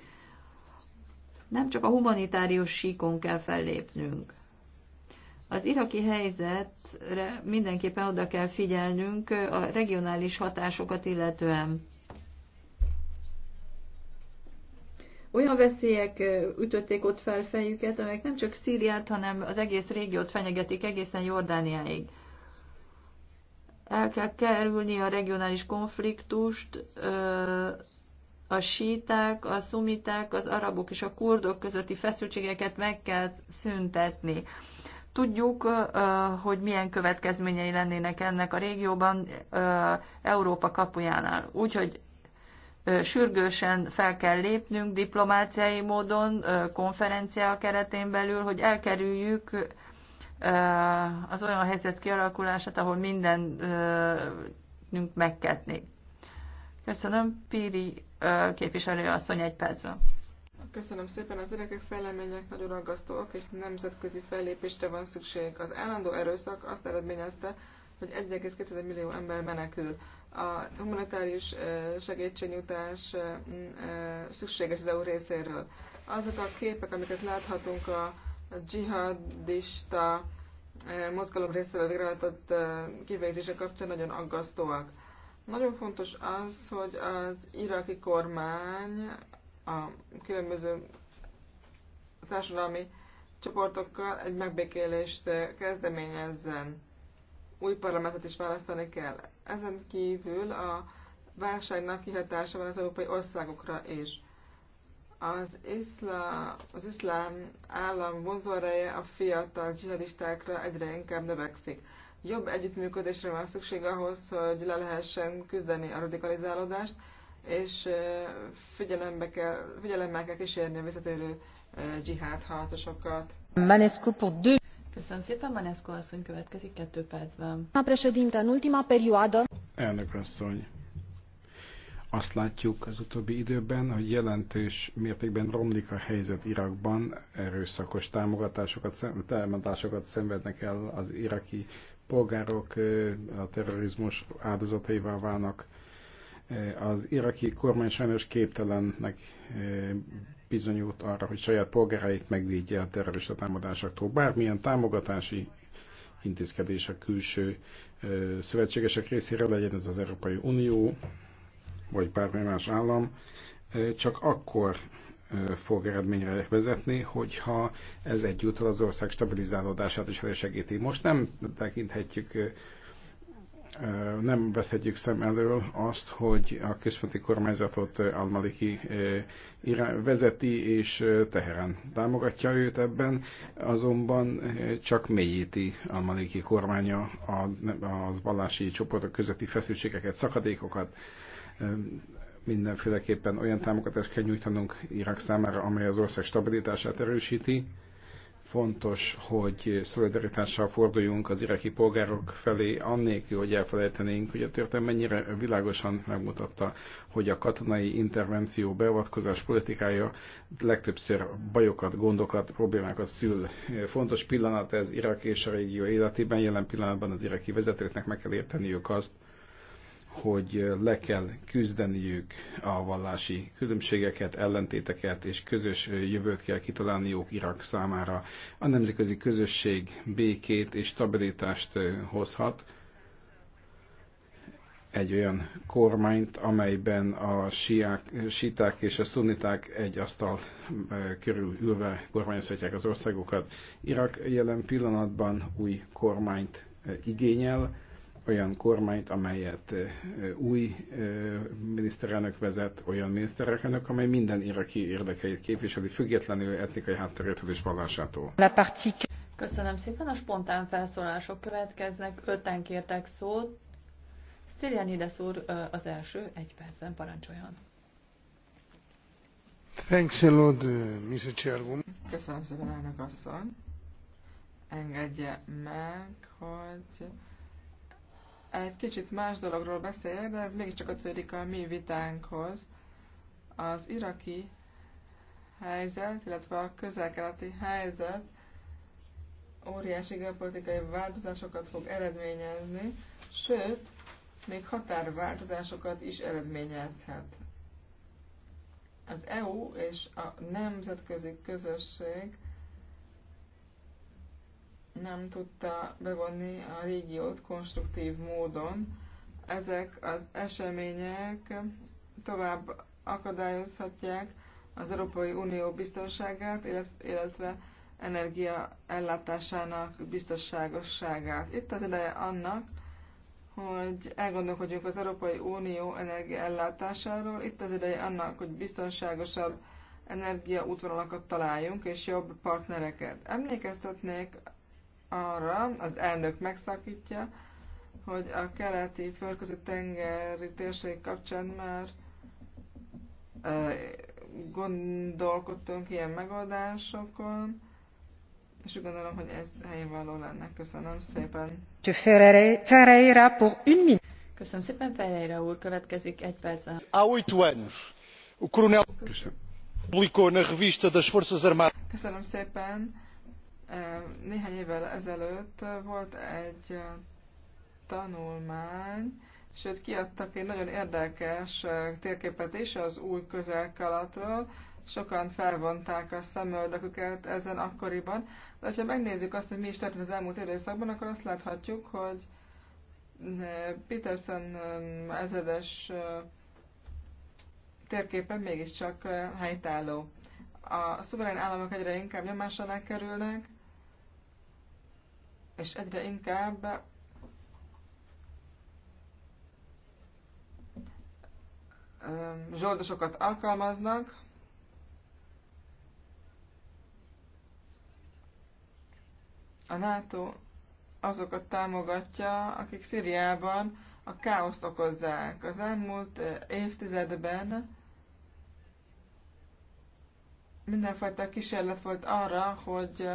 nem csak a humanitárius síkon kell fellépnünk. Az iraki helyzetre mindenképpen oda kell figyelnünk a regionális hatásokat illetően. Olyan veszélyek ütötték ott fel fejüket, amelyek nem csak Szíriát, hanem az egész régiót fenyegetik egészen Jordániáig. El kell kerülni a regionális konfliktust, a síták, a szumiták, az arabok és a kurdok közötti feszültségeket meg kell szüntetni. Tudjuk, hogy milyen következményei lennének ennek a régióban Európa kapujánál. Úgyhogy sürgősen fel kell lépnünk diplomáciai módon, konferencia keretén belül, hogy elkerüljük az olyan helyzet kialakulását, ahol mindenünk megketni. Köszönöm, Píri képviselő asszony egy percben. Köszönöm szépen. Az öregek fejlemények nagyon aggasztóak, és nemzetközi fellépésre van szükség. Az állandó erőszak azt eredményezte, hogy 1,2 millió ember menekül a humanitárius segítségnyújtás szükséges az EU részéről. Azok a képek, amiket láthatunk a dzsihadista mozgalom részéről végrehajtott kivégzése kapcsán nagyon aggasztóak. Nagyon fontos az, hogy az iraki kormány a különböző társadalmi csoportokkal egy megbékélést kezdeményezzen új parlamentet is választani kell. Ezen kívül a válságnak kihatása van az európai országokra is. Az, iszlám, az iszlám állam vonzóereje a fiatal dzsihadistákra egyre inkább növekszik. Jobb együttműködésre van szükség ahhoz, hogy le lehessen küzdeni a radikalizálódást, és figyelembe kell, figyelemmel kell kísérni a visszatérő dzsihád harcosokat. Manescu pour deux Köszönöm szépen, Maneszko asszony következik kettő percben. A președinte, în ultima perioadă... Elnök asszony, azt látjuk az utóbbi időben, hogy jelentős mértékben romlik a helyzet Irakban, erőszakos támogatásokat, támadásokat szenvednek el az iraki polgárok, a terrorizmus áldozataival válnak. Az iraki kormány sajnos képtelennek bizonyult arra, hogy saját polgárait megvédje a terrorista támadásoktól. Bármilyen támogatási intézkedés a külső ö, szövetségesek részére, legyen ez az Európai Unió, vagy bármely más állam, ö, csak akkor ö, fog eredményre vezetni, hogyha ez egyúttal az ország stabilizálódását is elősegíti. Most nem tekinthetjük nem veszhetjük szem elől azt, hogy a központi kormányzatot Almaliki vezeti és teheren. támogatja őt ebben, azonban csak mélyíti Almaliki kormánya az vallási csoportok közötti feszültségeket, szakadékokat, mindenféleképpen olyan támogatást kell nyújtanunk Irak számára, amely az ország stabilitását erősíti, fontos, hogy szolidaritással forduljunk az iraki polgárok felé, annélkül, hogy elfelejtenénk, hogy a történet mennyire világosan megmutatta, hogy a katonai intervenció, beavatkozás politikája legtöbbször bajokat, gondokat, problémákat szül. Fontos pillanat ez Irak és a régió életében, jelen pillanatban az iraki vezetőknek meg kell érteniük azt, hogy le kell küzdeniük a vallási különbségeket, ellentéteket, és közös jövőt kell kitalálniuk Irak számára. A nemzetközi közösség békét és stabilitást hozhat egy olyan kormányt, amelyben a siák, síták és a szunniták egy asztal körül ülve kormányozhatják az országokat. Irak jelen pillanatban új kormányt igényel, olyan kormányt, amelyet új miniszterelnök vezet, olyan miniszterelnök, amely minden iraki érdekeit képviseli, függetlenül etnikai hátterétől és vallásától. Köszönöm szépen, a spontán felszólások következnek, öten kértek szót. Stylianides úr az első, egy percben parancsoljon. Thanks a lot, Mr. Chairwoman. Köszönöm szépen, elnök asszony. Engedje meg, hogy egy kicsit más dologról beszéljek, de ez mégiscsak kötődik a mi vitánkhoz. Az iraki helyzet, illetve a közel-keleti helyzet óriási geopolitikai változásokat fog eredményezni, sőt, még határváltozásokat is eredményezhet. Az EU és a nemzetközi közösség nem tudta bevonni a régiót konstruktív módon. Ezek az események tovább akadályozhatják az Európai Unió biztonságát, illetve energia ellátásának biztonságosságát. Itt az ideje annak, hogy elgondolkodjunk az Európai Unió energiaellátásáról. Itt az ideje annak, hogy biztonságosabb energiaútvonalakat találjunk, és jobb partnereket. Emlékeztetnék arra, az elnök megszakítja, hogy a keleti földközi tengeri térség kapcsán már gondolkodtunk ilyen megoldásokon, és úgy gondolom, hogy ez helyén való lenne. Köszönöm szépen. Ferreira pour une minute. Köszönöm szépen, Ferreira úr. Következik egy percben. Há oito anos, o coronel publicou na revista das Forças Armadas. Köszönöm szépen. Néhány évvel ezelőtt volt egy tanulmány, sőt kiadtak egy nagyon érdekes térképet is az új közel sokan felvonták a szemöldöküket ezen akkoriban. De ha megnézzük azt, hogy mi is történt az elmúlt időszakban, akkor azt láthatjuk, hogy Peterson ezedes térképen mégiscsak helytálló. A szuverén államok egyre inkább nyomás alá kerülnek, és egyre inkább zsoldosokat alkalmaznak, a NATO azokat támogatja, akik Szíriában a káoszt okozzák. Az elmúlt évtizedben mindenfajta kísérlet volt arra, hogy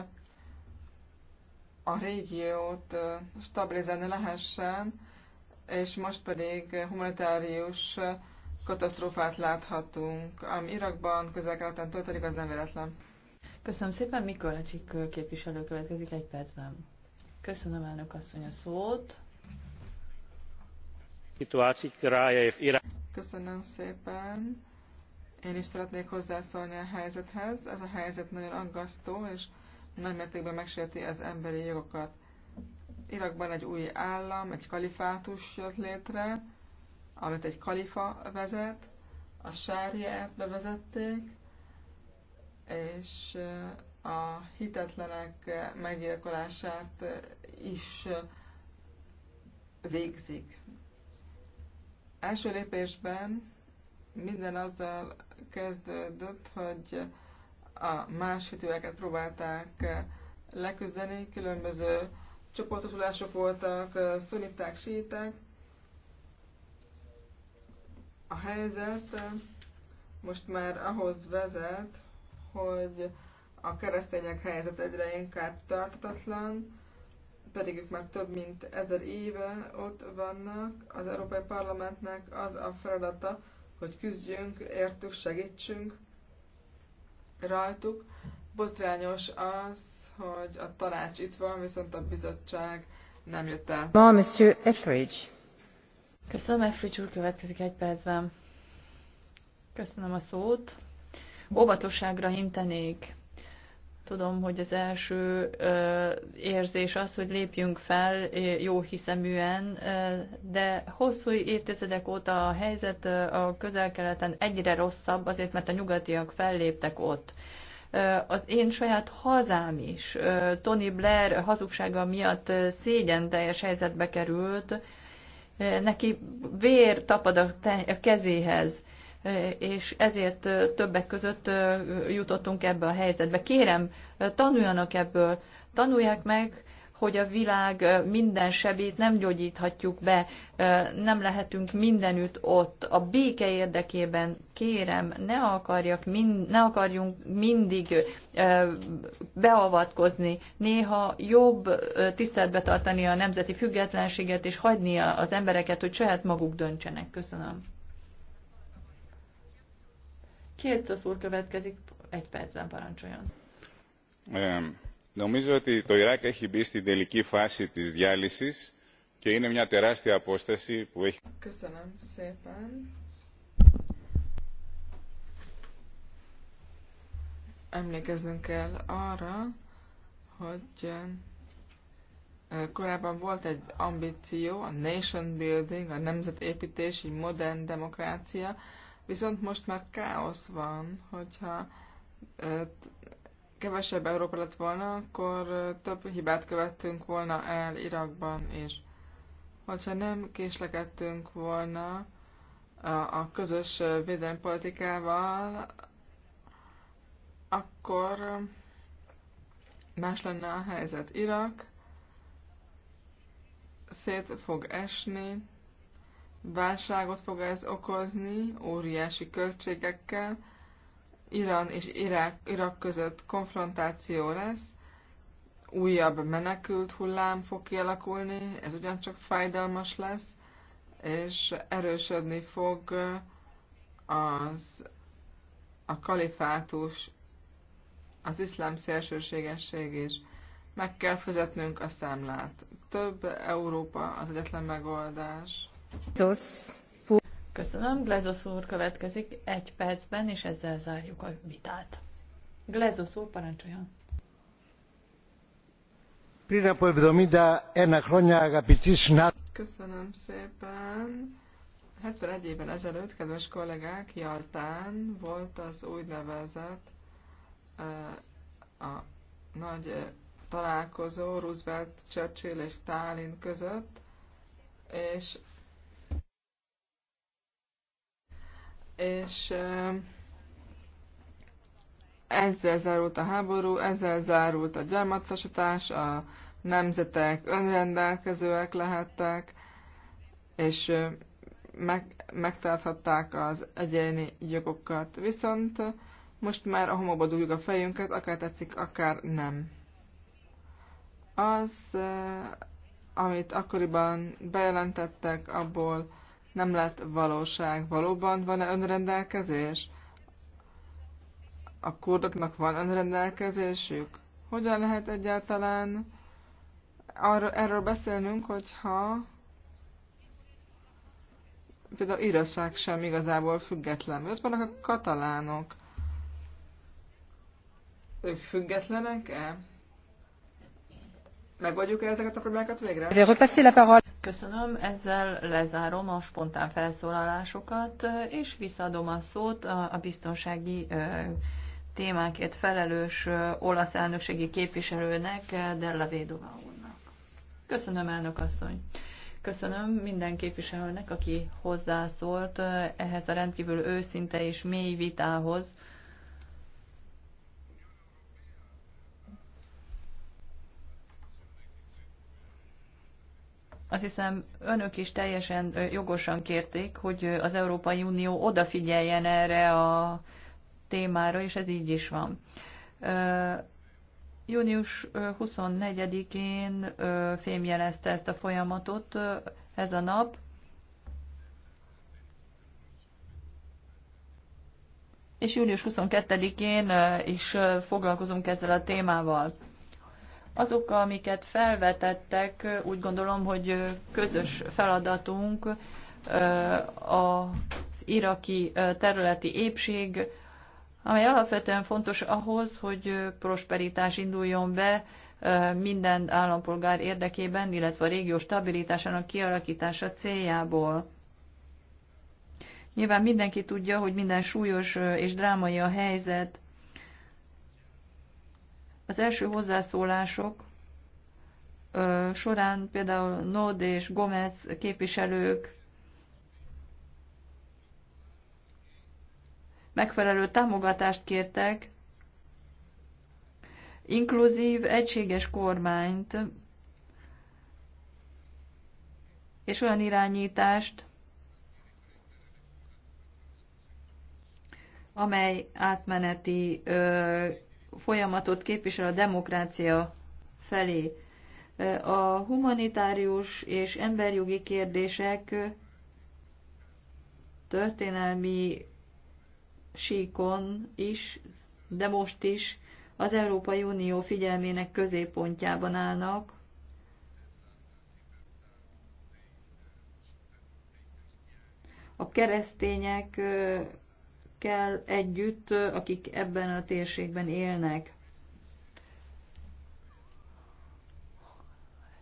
a régiót stabilizálni lehessen, és most pedig humanitárius katasztrófát láthatunk. Ami Irakban, közel-keleten történik, az nem véletlen. Köszönöm szépen, Mikolcsik képviselő következik egy percben. Köszönöm elnök asszony a szót. Köszönöm szépen. Én is szeretnék hozzászólni a helyzethez. Ez a helyzet nagyon aggasztó, és nagy mértékben megsérti az emberi jogokat. Irakban egy új állam, egy kalifátus jött létre, amit egy kalifa vezet, a sárját bevezették, és a hitetlenek meggyilkolását is végzik. Első lépésben minden azzal kezdődött, hogy a más hitőeket próbálták eh, leküzdeni, különböző csoportosulások voltak, eh, szuniták, síták. A helyzet eh, most már ahhoz vezet, hogy a keresztények helyzet egyre inkább tartatlan, pedig ők már több mint ezer éve ott vannak. Az Európai Parlamentnek az a feladata, hogy küzdjünk, értük, segítsünk, rajtuk. Botrányos az, hogy a tanács itt van, viszont a bizottság nem jött el. Ma, Mr. Etheridge. Köszönöm, Etheridge úr, következik egy percben. Köszönöm a szót. Óvatosságra hintenék. Tudom, hogy az első érzés az, hogy lépjünk fel jó hiszeműen, de hosszú évtizedek óta a helyzet a közel-keleten egyre rosszabb, azért mert a nyugatiak felléptek ott. Az én saját hazám is Tony Blair hazugsága miatt szégyen teljes helyzetbe került, neki vér tapad a kezéhez és ezért többek között jutottunk ebbe a helyzetbe. Kérem, tanuljanak ebből, tanulják meg, hogy a világ minden sebét nem gyógyíthatjuk be, nem lehetünk mindenütt ott. A béke érdekében kérem, ne, akarjak, mind, ne akarjunk mindig beavatkozni, néha jobb tiszteletbe tartani a nemzeti függetlenséget, és hagyni az embereket, hogy saját maguk döntsenek. Köszönöm. Kércosz úr következik, egy percben parancsoljon. Νομίζω ότι το Ιράκ έχει μπει στην τελική φάση της διάλυσης και είναι μια τεράστια απόσταση που έχει... Köszönöm szépen. Emlékeznünk kell arra, hogy korábban volt egy ambíció, a nation building, a nemzetépítés, egy modern demokrácia, Viszont most már káosz van, hogyha kevesebb Európa lett volna, akkor több hibát követtünk volna el Irakban is. Hogyha nem késlekedtünk volna a közös védelmpolitikával, akkor más lenne a helyzet. Irak szét fog esni, Válságot fog ez okozni, óriási költségekkel. Irán és Irak, Irak között konfrontáció lesz, újabb menekült hullám fog kialakulni, ez ugyancsak fájdalmas lesz, és erősödni fog az a kalifátus, az iszlám szélsőségesség is. Meg kell fizetnünk a számlát. Több Európa az egyetlen megoldás. Köszönöm. Glezos úr következik egy percben, és ezzel zárjuk a vitát. Glezos úr, parancsoljon. Köszönöm szépen. 71 évvel ezelőtt, kedves kollégák, Jaltán volt az úgynevezett eh, a nagy eh, találkozó Roosevelt, Churchill és Stalin között, és és ezzel zárult a háború, ezzel zárult a gyarmatosítás, a nemzetek önrendelkezőek lehettek, és meg, megtarthatták az egyéni jogokat. Viszont most már a homokba dugjuk a fejünket, akár tetszik, akár nem. Az, amit akkoriban bejelentettek, abból nem lett valóság. Valóban van-e önrendelkezés? A kurdoknak van önrendelkezésük? Hogyan lehet egyáltalán arra, erről beszélnünk, hogyha például Írország sem igazából független. Ott vannak a katalánok. Ők függetlenek-e? Megoldjuk -e ezeket a problémákat végre? Köszönöm, ezzel lezárom a spontán felszólalásokat, és visszaadom a szót a biztonsági témákért felelős olasz elnökségi képviselőnek, Della Védova úrnak. Köszönöm, elnök asszony. Köszönöm minden képviselőnek, aki hozzászólt ehhez a rendkívül őszinte és mély vitához, Azt hiszem, önök is teljesen jogosan kérték, hogy az Európai Unió odafigyeljen erre a témára, és ez így is van. Június 24-én fémjelezte ezt a folyamatot ez a nap. És július 22-én is foglalkozunk ezzel a témával. Azok, amiket felvetettek, úgy gondolom, hogy közös feladatunk az iraki területi épség, amely alapvetően fontos ahhoz, hogy prosperitás induljon be minden állampolgár érdekében, illetve a régió stabilitásának kialakítása céljából. Nyilván mindenki tudja, hogy minden súlyos és drámai a helyzet, az első hozzászólások során például Nod és Gomez képviselők megfelelő támogatást kértek, inkluzív, egységes kormányt és olyan irányítást, amely átmeneti ö, folyamatot képvisel a demokrácia felé. A humanitárius és emberjogi kérdések történelmi síkon is, de most is az Európai Unió figyelmének középpontjában állnak, a keresztények kell együtt, akik ebben a térségben élnek.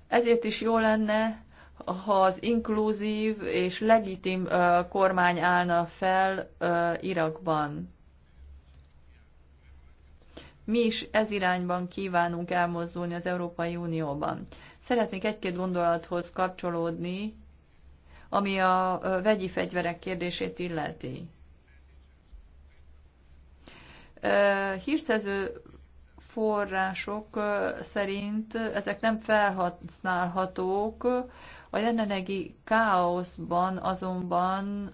Ezért is jó lenne, ha az inkluzív és legitim kormány állna fel Irakban. Mi is ez irányban kívánunk elmozdulni az Európai Unióban. Szeretnék egy-két gondolathoz kapcsolódni, ami a vegyi fegyverek kérdését illeti hírszerző források szerint ezek nem felhasználhatók, a jelenlegi káoszban azonban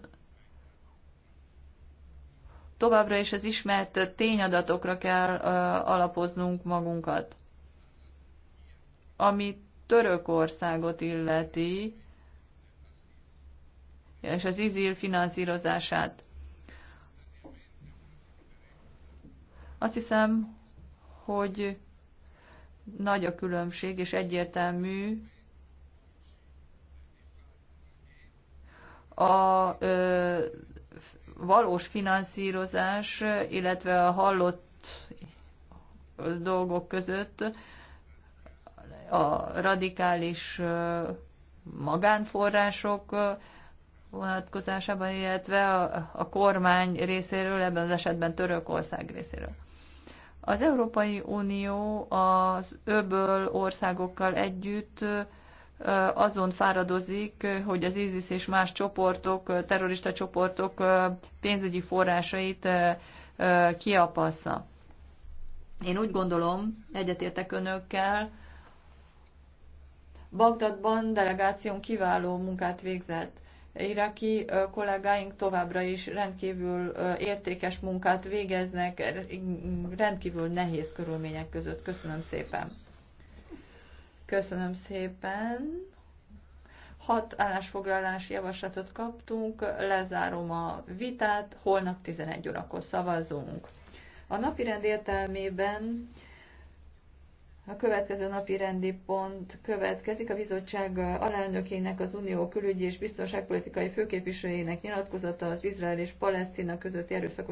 továbbra is az ismert tényadatokra kell alapoznunk magunkat. Ami Törökországot illeti, és az izil finanszírozását Azt hiszem, hogy nagy a különbség, és egyértelmű a ö, valós finanszírozás, illetve a hallott dolgok között a radikális magánforrások vonatkozásában, illetve a, a kormány részéről, ebben az esetben Törökország részéről. Az Európai Unió az öböl országokkal együtt azon fáradozik, hogy az ISIS és más csoportok, terrorista csoportok pénzügyi forrásait kiapassza. Én úgy gondolom, egyetértek önökkel, Bagdadban delegáción kiváló munkát végzett iraki kollégáink továbbra is rendkívül értékes munkát végeznek, rendkívül nehéz körülmények között. Köszönöm szépen. Köszönöm szépen. Hat állásfoglalási javaslatot kaptunk, lezárom a vitát, holnap 11 órakor szavazunk. A napirend értelmében a következő napi rendi pont következik a bizottság alelnökének, az Unió külügyi és biztonságpolitikai főképviselőjének nyilatkozata az Izrael és Palesztina közötti erőszakos